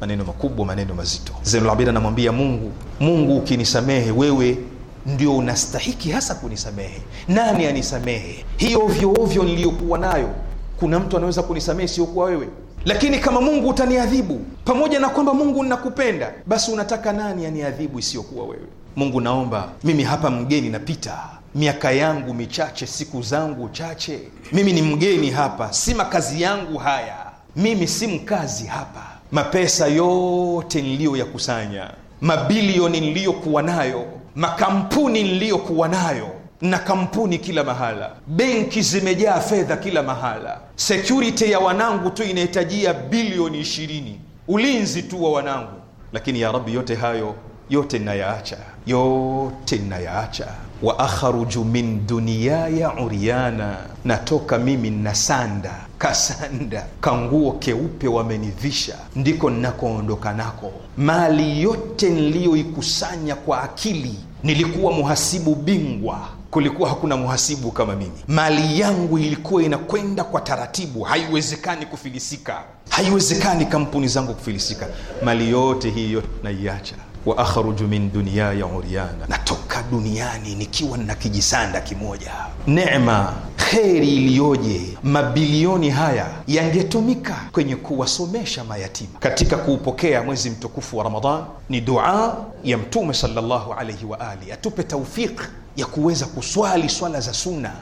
Maneno makubwa, maneno mazito. Zainul Abidin anamwambia Mungu, Mungu ukinisamehe wewe ndio unastahiki hasa kunisamehe. Nani anisamehe hiyo ovyo ovyo niliyokuwa nayo? Kuna mtu anaweza kunisamehe siokuwa wewe? lakini kama Mungu utaniadhibu, pamoja na kwamba Mungu nnakupenda basi unataka nani aniadhibu isiyokuwa wewe? Mungu naomba mimi hapa mgeni napita, miaka yangu michache, siku zangu chache, mimi ni mgeni hapa, si makazi yangu haya, mimi si mkazi hapa. Mapesa yote niliyoyakusanya, mabilioni niliyokuwa nayo, makampuni niliyokuwa nayo na kampuni kila mahala, benki zimejaa fedha kila mahala. Security ya wanangu tu inahitajia bilioni ishirini, ulinzi tu wa wanangu. Lakini ya Rabbi, yote hayo yote nayaacha yote nayaacha, wa akharuju min duniyaya uryana, natoka mimi nasanda kasanda kanguo keupe wamenivisha, ndiko nnakoondoka nako. Mali yote niliyoikusanya kwa akili, nilikuwa muhasibu bingwa kulikuwa hakuna mhasibu kama mimi. Mali yangu ilikuwa inakwenda kwa taratibu, haiwezekani kufilisika, haiwezekani kampuni zangu kufilisika. Mali yote hiyo naiacha wa akhruju min dunyaya uryana, natoka duniani nikiwa na kijisanda kimoja. Neema, kheri iliyoje! Mabilioni haya yangetumika kwenye kuwasomesha mayatima. Katika kuupokea mwezi mtukufu wa Ramadhan ni dua ya Mtume sallallahu alayhi wa ali, atupe taufiki ya kuweza kuswali swala za sunna.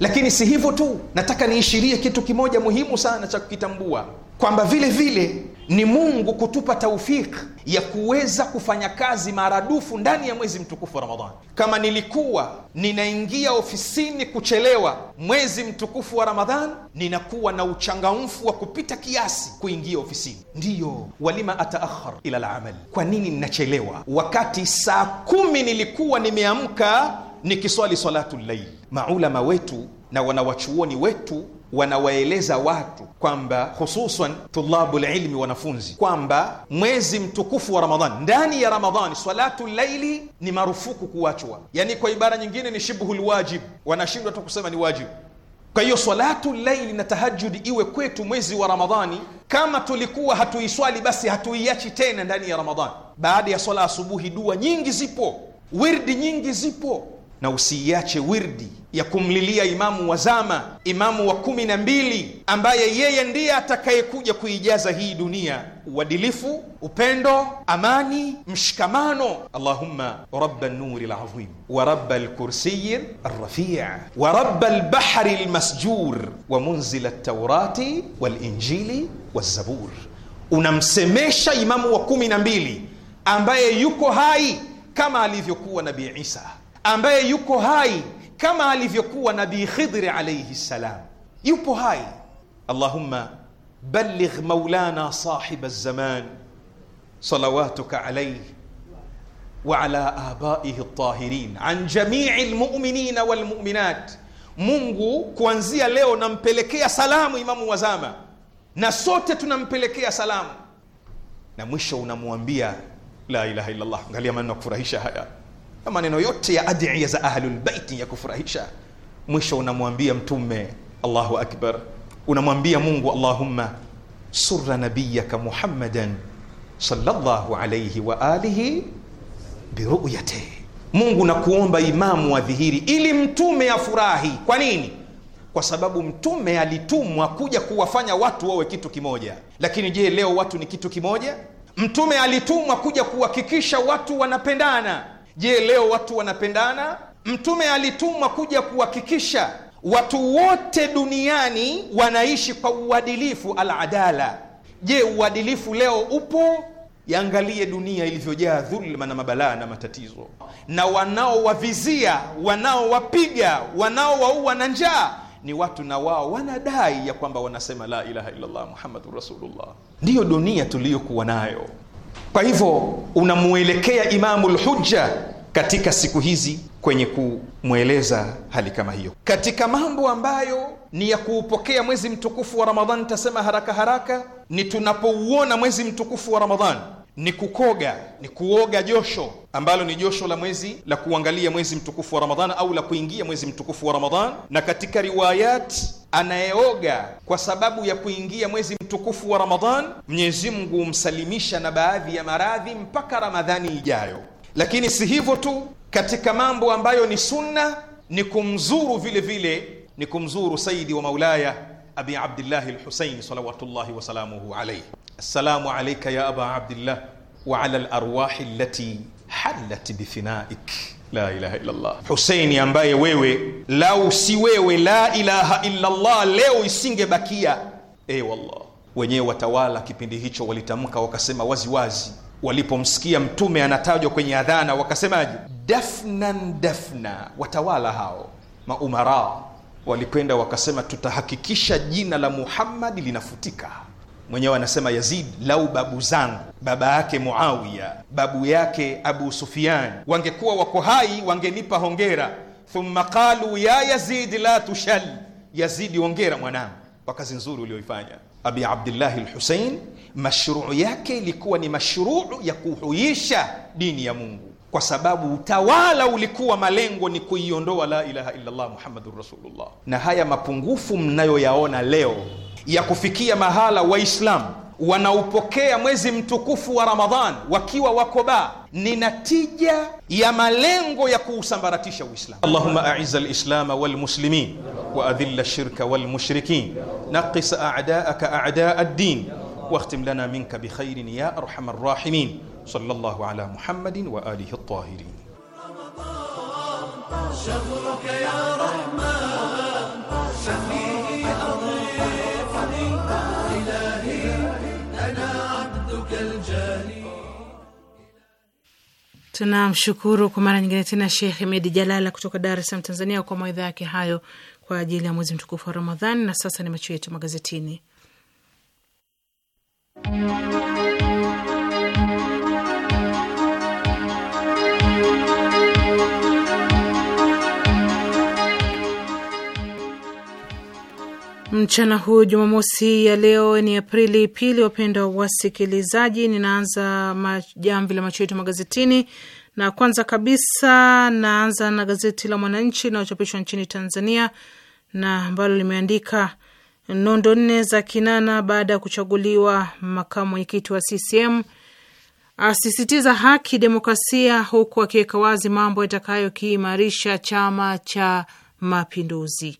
Lakini si hivyo tu, nataka niishirie kitu kimoja muhimu sana cha kukitambua kwamba vile vile ni Mungu kutupa taufiki ya kuweza kufanya kazi maradufu ndani ya mwezi mtukufu wa Ramadhani. Kama nilikuwa ninaingia ofisini kuchelewa mwezi mtukufu wa Ramadhani, ninakuwa na uchangamfu wa kupita kiasi kuingia ofisini. Ndiyo, walima ataakhar ila lamali kwa nini ninachelewa wakati saa kumi nilikuwa nimeamka nikiswali salatu llaili. Maulama wetu na wanawachuoni wetu wanawaeleza watu kwamba hususan tulabu lilmi, wanafunzi kwamba mwezi mtukufu wa Ramadhani, ndani ya Ramadhani salatu laili ni marufuku kuachwa, yani kwa ibara nyingine ni shibhu lwajib wanashindwa tu kusema ni wajibu. Kwa hiyo salatu laili na tahajudi iwe kwetu mwezi wa Ramadhani, kama tulikuwa hatuiswali basi hatuiachi tena ndani ya Ramadhani. Baada ya swala asubuhi, dua nyingi zipo, wirdi nyingi zipo na usiiache wirdi ya kumlilia imamu wa zama, imamu wa kumi na mbili, ambaye yeye ndiye atakayekuja kuijaza hii dunia uadilifu, upendo, amani, mshikamano. Allahumma rabba nuri lazim wa rabba lkursiyi rrafii wa rabba lbahri lmasjur wa munzila ltaurati walinjili wazabur. Unamsemesha imamu wa kumi na mbili ambaye yuko hai kama alivyokuwa Nabii Isa ambaye yuko hai kama alivyokuwa Nabii Khidri alaihi salam yupo hai. Allahumma balligh maulana sahiba zaman salawatuka alaihi wa ala abaihi ltahirin an jamii lmuminina walmuminat. Mungu kuanzia leo nampelekea salamu Imamu Wazama na sote tunampelekea salamu, na mwisho unamwambia la ilaha illallah. Angalia maneno ya kufurahisha haya na maneno yote ya adia za ahlulbaiti ya kufurahisha. Mwisho unamwambia Mtume, Allahu akbar, unamwambia Mungu, Allahumma sura nabiyaka Muhammadan sallallahu alayhi wa alihi biruyatihi Mungu nakuomba imamu wa dhihiri ili mtume afurahi. Kwa nini? Kwa sababu mtume alitumwa kuja kuwafanya watu wawe kitu kimoja. Lakini je, leo watu ni kitu kimoja? Mtume alitumwa kuja kuhakikisha watu wanapendana. Je, leo watu wanapendana? Mtume alitumwa kuja kuhakikisha watu wote duniani wanaishi kwa uadilifu, aladala. Je, uadilifu leo upo? Yaangalie dunia ilivyojaa dhulma na mabalaa na matatizo, na wanaowavizia, wanaowapiga, wanaowaua na njaa ni watu na wao wanadai ya kwamba wanasema la ilaha illallah muhammadun rasulullah. Ndiyo dunia tuliyokuwa nayo. Kwa hivyo unamwelekea imamu lhujja katika siku hizi kwenye kumweleza hali kama hiyo. Katika mambo ambayo ni ya kuupokea mwezi mtukufu wa Ramadhani, tasema haraka haraka ni tunapouona mwezi mtukufu wa Ramadhani ni kukoga, ni kuoga josho ambalo ni josho la mwezi la kuangalia mwezi mtukufu wa Ramadhan au la kuingia mwezi mtukufu wa Ramadhan. Na katika riwayat, anayeoga kwa sababu ya kuingia mwezi mtukufu wa Ramadhan, Mwenyezi Mungu humsalimisha na baadhi ya maradhi mpaka Ramadhani ijayo. Lakini si hivyo tu, katika mambo ambayo ni sunna ni kumzuru vile vile, ni kumzuru saidi wa maulaya Abi Abdillahi Lhusaini salawatullahi wasalamuhu alaihi assalamu alaika ya aba abdillah wa ala larwahi allati halat bifinaik la ilaha illallah. Huseini ambaye wewe lau si wewe la ilaha illallah leo isingebakia. E wallah, wenyewe watawala kipindi hicho walitamka wakasema waziwazi, walipomsikia Mtume anatajwa kwenye adhana wakasemaje? Dafnan dafna. Watawala hao maumara walikwenda wakasema tutahakikisha jina la Muhammadi linafutika mwenyewe anasema Yazid, lau babu zangu, baba yake Muawiya, babu yake Abu Sufyan, wangekuwa wako hai, wangenipa hongera. Thumma qalu ya Yazid la tushal, Yazidi hongera mwanangu kwa kazi nzuri ulioifanya. Abi Abdillahi Lhusein, mashruu yake ilikuwa ni mashruu ya kuhuisha dini ya Mungu, kwa sababu utawala ulikuwa malengo ni kuiondoa la ilaha illallah Muhammadur Rasulullah, na haya mapungufu mnayoyaona leo ya kufikia mahala Waislamu wanaupokea mwezi mtukufu wa Ramadhan wakiwa wako baa ni natija ya malengo ya kuusambaratisha Uislamu. Allahumma aiz alislama walmuslimin waadhilla lshirka walmushrikin naqis adaaka adaa ddin wakhtim lana minka bikhairin ya arhama rrahimin sallallahu ala muhammadin wa alihi ltahirin. Ramadan, Tunamshukuru kwa mara nyingine tena Sheikh Hemedi Jalala kutoka Dar es Salaam, Tanzania, kwa mawaidha yake hayo kwa ajili ya mwezi mtukufu wa Ramadhani. Na sasa ni macho yetu magazetini mchana huu Jumamosi ya leo ni Aprili pili. Wapendwa wasikilizaji, ninaanza majamvi la macho yetu magazetini, na kwanza kabisa naanza na gazeti la Mwananchi linalochapishwa nchini Tanzania na ambalo limeandika nondo nne za Kinana baada ya kuchaguliwa makamu mwenyekiti wa CCM, asisitiza haki, demokrasia, huku akiweka wazi mambo yatakayokiimarisha Chama cha Mapinduzi.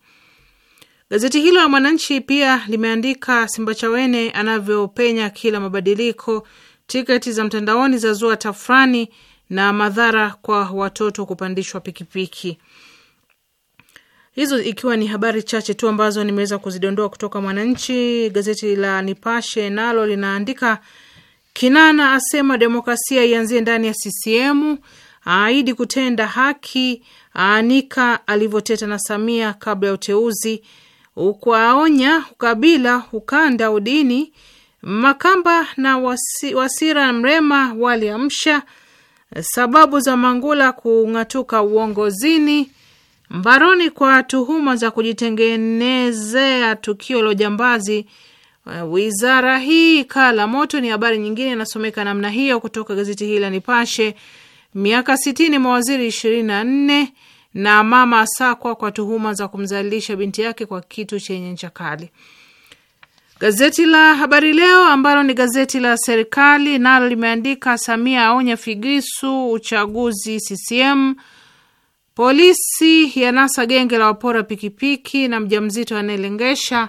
Gazeti hilo la Mwananchi pia limeandika Simbachawene anavyopenya kila mabadiliko, tiketi za mtandaoni za zua tafrani na madhara kwa watoto kupandishwa pikipiki. Hizo ikiwa ni habari chache tu ambazo nimeweza kuzidondoa kutoka Mwananchi. Gazeti la Nipashe nalo linaandika Kinana asema demokrasia ianzie ndani ya CCM, aahidi kutenda haki, aanika alivyoteta na Samia kabla ya uteuzi ukwaonya ukabila, ukanda, udini. Makamba na wasi, Wasira Mrema waliamsha sababu za Mangula kung'atuka uongozini, mbaroni kwa tuhuma za kujitengenezea tukio la ujambazi. Uh, wizara hii kala moto ni habari nyingine inasomeka namna hiyo kutoka gazeti hili la Nipashe. Miaka sitini mawaziri ishirini na nne na mama asakwa kwa tuhuma za kumzalilisha binti yake kwa kitu chenye ncha kali. Gazeti la Habari Leo ambalo ni gazeti la serikali nalo limeandika Samia aonya figisu uchaguzi CCM, polisi yanasa genge la wapora pikipiki na mjamzito anayelengesha,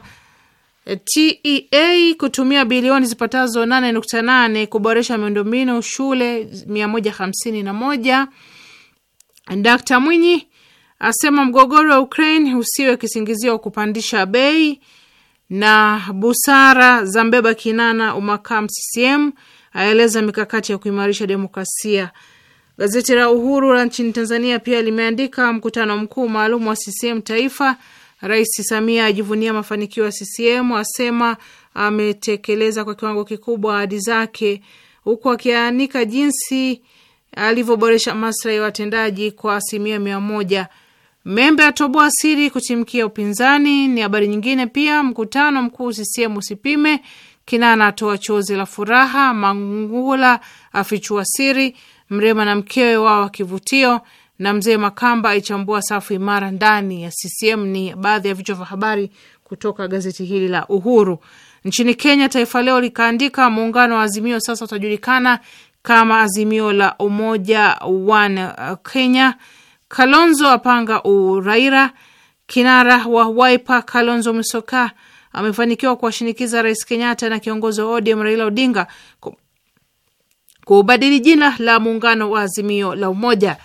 TEA kutumia bilioni zipatazo 8.8 kuboresha miundombinu shule 151, Dkt Mwinyi asema mgogoro wa Ukraine usiwe kisingizio wa kupandisha bei, na busara za mbeba Kinana Umakam CCM aeleza mikakati ya kuimarisha demokrasia. Gazeti la Uhuru la nchini Tanzania pia limeandika mkutano mkuu maalum wa CCM Taifa, Rais Samia ajivunia mafanikio ya CCM, asema ametekeleza kwa kiwango kikubwa ahadi zake, huku akianika jinsi alivyoboresha maslahi ya watendaji kwa asilimia mia moja. Membe atoboa siri kuchimkia upinzani ni habari nyingine. Pia mkutano mkuu CCM usipime, Kinana atoa chozi la furaha, Mangula afichua siri, Mrema na mkewe wao wa kivutio, na mzee Makamba aichambua safu imara ndani ya CCM ni baadhi ya vichwa vya habari kutoka gazeti hili la Uhuru. Nchini Kenya, Taifa Leo likaandika muungano wa Azimio sasa utajulikana kama Azimio la Umoja One Kenya. Kalonzo apanga uraira. Kinara wa waipa Kalonzo Musyoka amefanikiwa kuwashinikiza Rais Kenyatta na kiongozi wa ODM Raila Odinga kubadili jina la muungano wa Azimio la Umoja.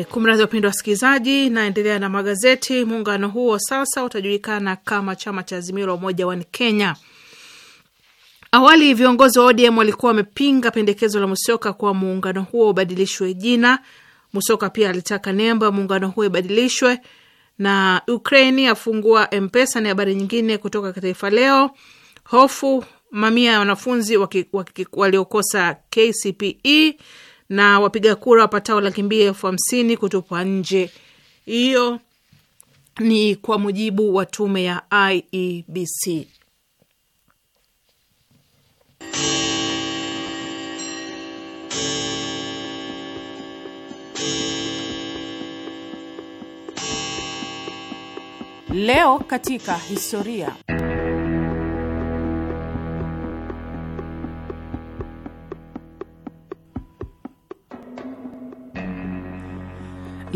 Eh, kumradhi wapendwa wasikilizaji, naendelea na magazeti. Muungano huo sasa utajulikana kama chama cha Azimio la Umoja wa Kenya. Awali viongozi wa ODM walikuwa wamepinga pendekezo la Musyoka kuwa muungano huo ubadilishwe jina. Musyoka pia alitaka nemba muungano huo ibadilishwe, na Ukraini afungua Mpesa ni habari nyingine kutoka Taifa Leo. Hofu mamia ya wanafunzi waliokosa KCPE na wapiga kura wapatao laki mbili elfu hamsini kutupwa nje. Hiyo ni kwa mujibu wa tume ya IEBC. Leo katika historia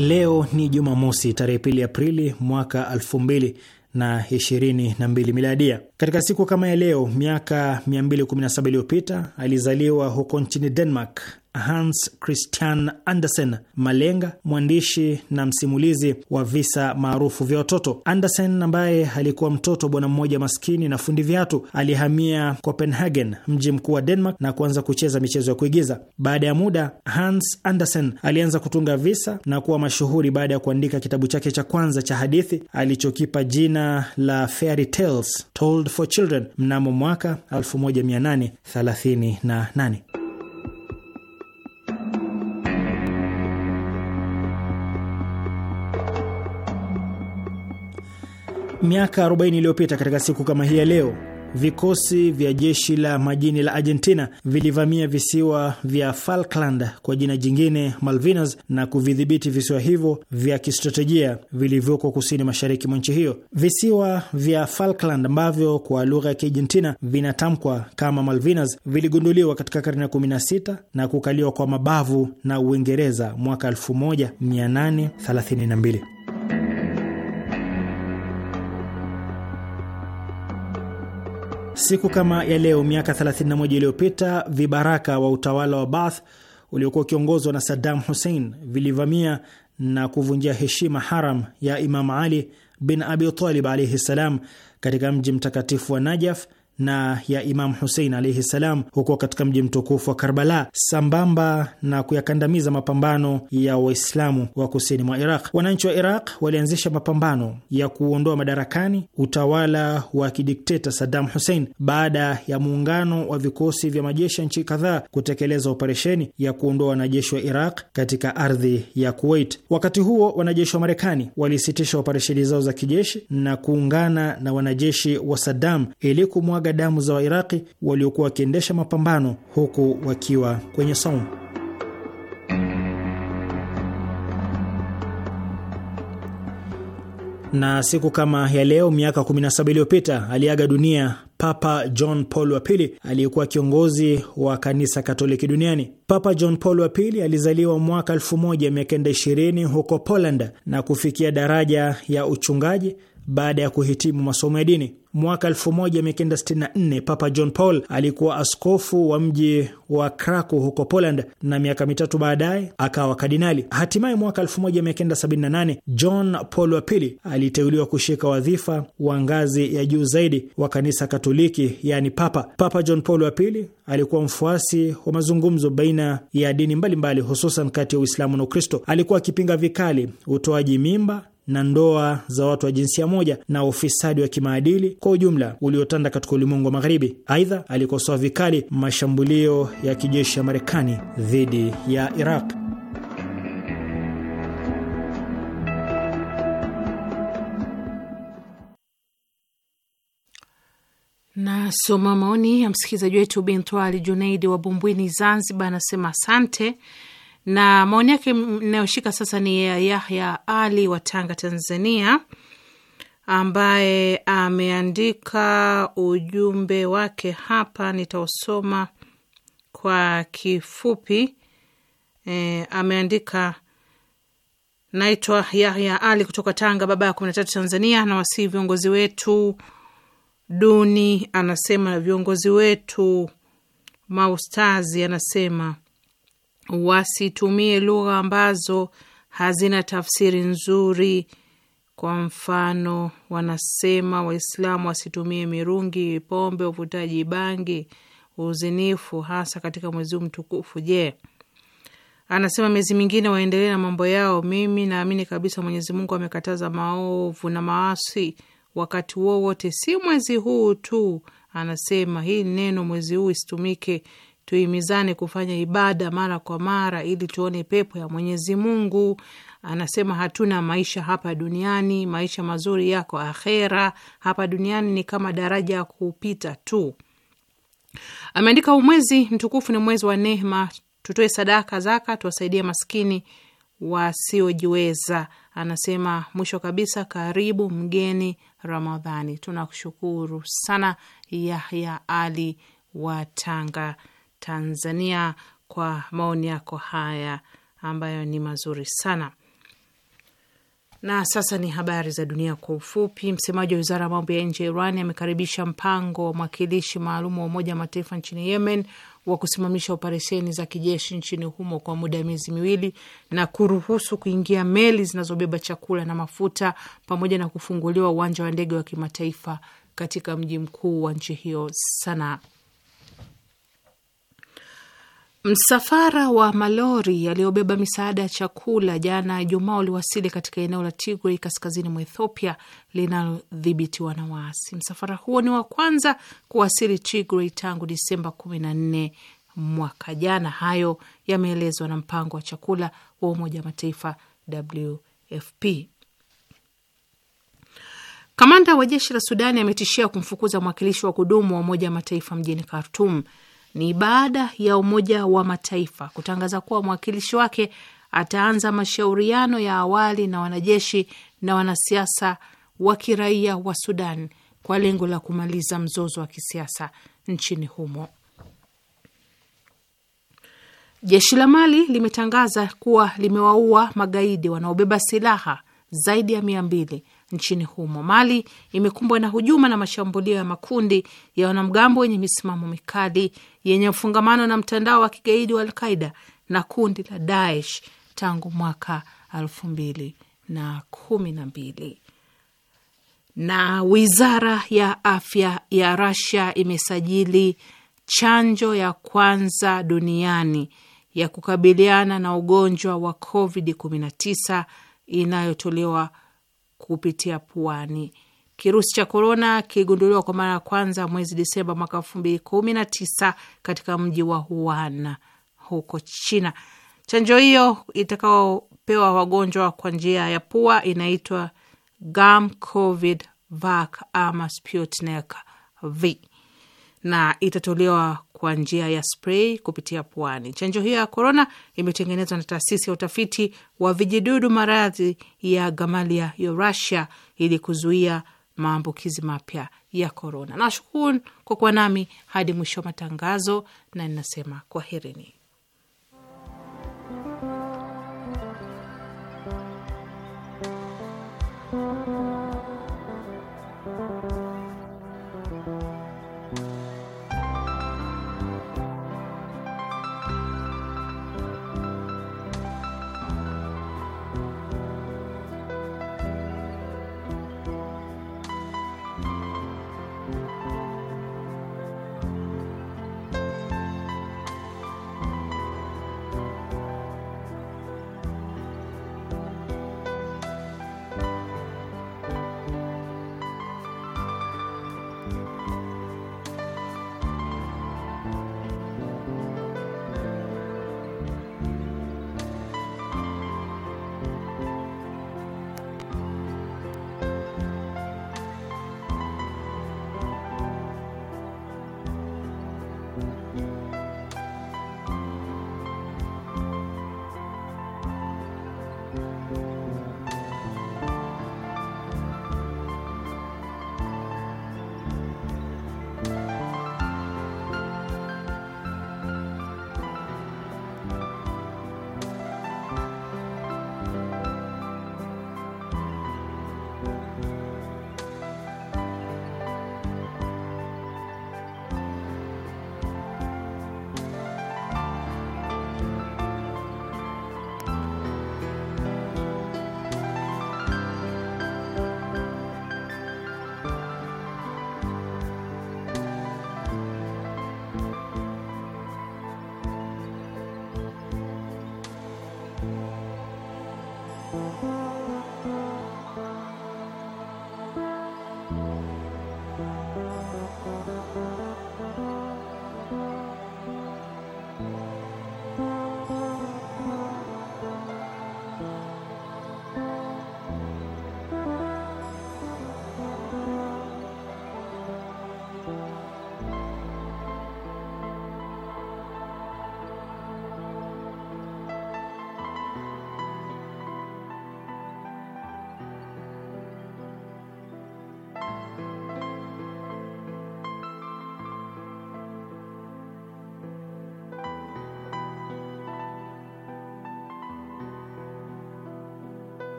Leo ni Jumamosi tarehe pili Aprili mwaka mbili miladia. Katika siku kama ya leo miaka 217 iliyopita alizaliwa huko nchini Denmark Hans Christian Andersen Malenga, mwandishi na msimulizi wa visa maarufu vya watoto. Andersen ambaye alikuwa mtoto bwana mmoja maskini na fundi viatu, alihamia Copenhagen, mji mkuu wa Denmark, na kuanza kucheza michezo ya kuigiza. Baada ya muda, Hans Andersen alianza kutunga visa na kuwa mashuhuri baada ya kuandika kitabu chake cha kwanza cha hadithi alichokipa jina la Fairy Tales Told for Children mnamo mwaka 1838. Miaka 40 iliyopita katika siku kama hii ya leo, vikosi vya jeshi la majini la Argentina vilivamia visiwa vya Falkland kwa jina jingine Malvinas, na kuvidhibiti visiwa hivyo vya kistratejia vilivyoko kusini mashariki mwa nchi hiyo. Visiwa vya Falkland ambavyo kwa lugha ya Kiargentina vinatamkwa kama Malvinas viligunduliwa katika karne ya 16 na kukaliwa kwa mabavu na Uingereza mwaka 1832. Siku kama ya leo miaka 31 iliyopita vibaraka wa utawala wa Baath uliokuwa ukiongozwa na Saddam Hussein vilivamia na kuvunjia heshima haram ya Imam Ali bin Abi Talib alaihi ssalam katika mji mtakatifu wa Najaf na ya Imamu Husein alaihi ssalam huko katika mji mtukufu wa Karbala, sambamba na kuyakandamiza mapambano ya Waislamu wa kusini mwa Iraq. Wananchi wa Iraq walianzisha mapambano ya kuondoa madarakani utawala wa kidikteta Saddam Hussein baada ya muungano wa vikosi vya majeshi ya nchi kadhaa kutekeleza operesheni ya kuondoa wanajeshi wa Iraq katika ardhi ya Kuwait. Wakati huo wanajeshi wa Marekani walisitisha operesheni zao za kijeshi na kuungana na wanajeshi wa Saddam ili kumwaga kumwaga damu za Wairaqi waliokuwa wakiendesha mapambano huku wakiwa kwenye saumu. Na siku kama ya leo miaka 17 iliyopita aliaga dunia Papa John Paul wa pili aliyekuwa kiongozi wa kanisa Katoliki duniani. Papa John Paul wa pili alizaliwa mwaka 1920 huko Poland na kufikia daraja ya uchungaji baada ya kuhitimu masomo ya dini. Mwaka 1964 Papa John Paul alikuwa askofu wa mji wa Krakow huko Poland, na miaka mitatu baadaye akawa kardinali. Hatimaye mwaka 1978 John Paul wa pili aliteuliwa kushika wadhifa wa ngazi ya juu zaidi wa kanisa Katoliki, yaani papa. Papa John Paul wa pili alikuwa mfuasi wa mazungumzo baina ya dini mbalimbali, hususan kati ya Uislamu na Ukristo. Alikuwa akipinga vikali utoaji mimba na ndoa za watu wa jinsia moja na ufisadi wa kimaadili kwa ujumla uliotanda katika ulimwengu wa Magharibi. Aidha, alikosoa vikali mashambulio ya kijeshi ya Marekani dhidi ya Iraq. Nasoma maoni ya msikilizaji wetu Bintwali Junaidi wa Bumbwini, Zanzibar, anasema asante na maoni yake inayoshika sasa ni ya Yahya Ali wa Tanga, Tanzania, ambaye ameandika ujumbe wake hapa, nitausoma kwa kifupi. E, ameandika naitwa Yahya Ali kutoka Tanga, baba ya kumi na tatu, Tanzania. Na viongozi wetu duni, anasema viongozi wetu maustazi, anasema wasitumie lugha ambazo hazina tafsiri nzuri. Kwa mfano, wanasema Waislamu wasitumie mirungi, pombe, uvutaji bangi, uzinifu, hasa katika mwezi huu mtukufu. Je, anasema miezi mingine waendelee na mambo yao. Mimi naamini kabisa Mwenyezi Mungu amekataza maovu na maasi wakati wowote, si mwezi huu tu. Anasema hii neno mwezi huu isitumike tuimizane kufanya ibada mara kwa mara ili tuone pepo ya Mwenyezi Mungu. Anasema hatuna maisha hapa duniani, maisha mazuri yako akhera. Hapa duniani ni kama daraja ya kupita tu. Ameandika, umwezi mtukufu ni mwezi wa neema, tutoe sadaka, zaka, tuwasaidie maskini wasiojiweza. Anasema mwisho kabisa, karibu mgeni Ramadhani. Tunakushukuru sana Yahya Ali wa Tanga. Tanzania kwa maoni yako haya ambayo ni mazuri sana. Na sasa ni habari za dunia kwa ufupi. Msemaji wa wizara ya mambo ya nje ya Iran amekaribisha mpango wa mwakilishi maalum wa Umoja wa Mataifa nchini Yemen wa kusimamisha operesheni za kijeshi nchini humo kwa muda wa miezi miwili na kuruhusu kuingia meli zinazobeba chakula na mafuta pamoja na kufunguliwa uwanja wa ndege wa kimataifa katika mji mkuu wa nchi hiyo Sanaa. Msafara wa malori yaliyobeba misaada ya chakula jana Ijumaa uliwasili katika eneo la Tigray kaskazini mwa Ethiopia linalodhibitiwa na waasi. Msafara huo ni wa kwanza kuwasili Tigray tangu Disemba 14 mwaka jana. Hayo yameelezwa na mpango wa chakula wa Umoja wa Mataifa, WFP. Kamanda wa jeshi la Sudani ametishia kumfukuza mwakilishi wa kudumu wa Umoja wa Mataifa mjini Khartum ni baada ya Umoja wa Mataifa kutangaza kuwa mwakilishi wake ataanza mashauriano ya awali na wanajeshi na wanasiasa wa kiraia wa Sudan kwa lengo la kumaliza mzozo wa kisiasa nchini humo. Jeshi la Mali limetangaza kuwa limewaua magaidi wanaobeba silaha zaidi ya mia mbili nchini humo. Mali imekumbwa na hujuma na mashambulio ya makundi ya wanamgambo wenye misimamo mikali yenye mfungamano na mtandao wa kigaidi wa Alqaida na kundi la Daesh tangu mwaka elfu mbili na kumi na mbili. Na wizara ya afya ya Rasia imesajili chanjo ya kwanza duniani ya kukabiliana na ugonjwa wa COVID 19 inayotolewa kupitia puani. Kirusi cha korona kiligunduliwa kwa mara ya kwanza mwezi Disemba mwaka elfu mbili kumi na tisa katika mji wa Wuhan huko China. Chanjo hiyo itakaopewa wagonjwa kwa njia ya pua inaitwa Gamcovid Vac ama Sputnik V na itatolewa kwa njia ya spray kupitia puani. Chanjo hiyo ya korona imetengenezwa na taasisi ya utafiti wa vijidudu maradhi ya gamalia ya Rusia ili kuzuia maambukizi mapya ya korona. Nashukuru kwa kuwa nami hadi mwisho wa matangazo, na ninasema kwaherini.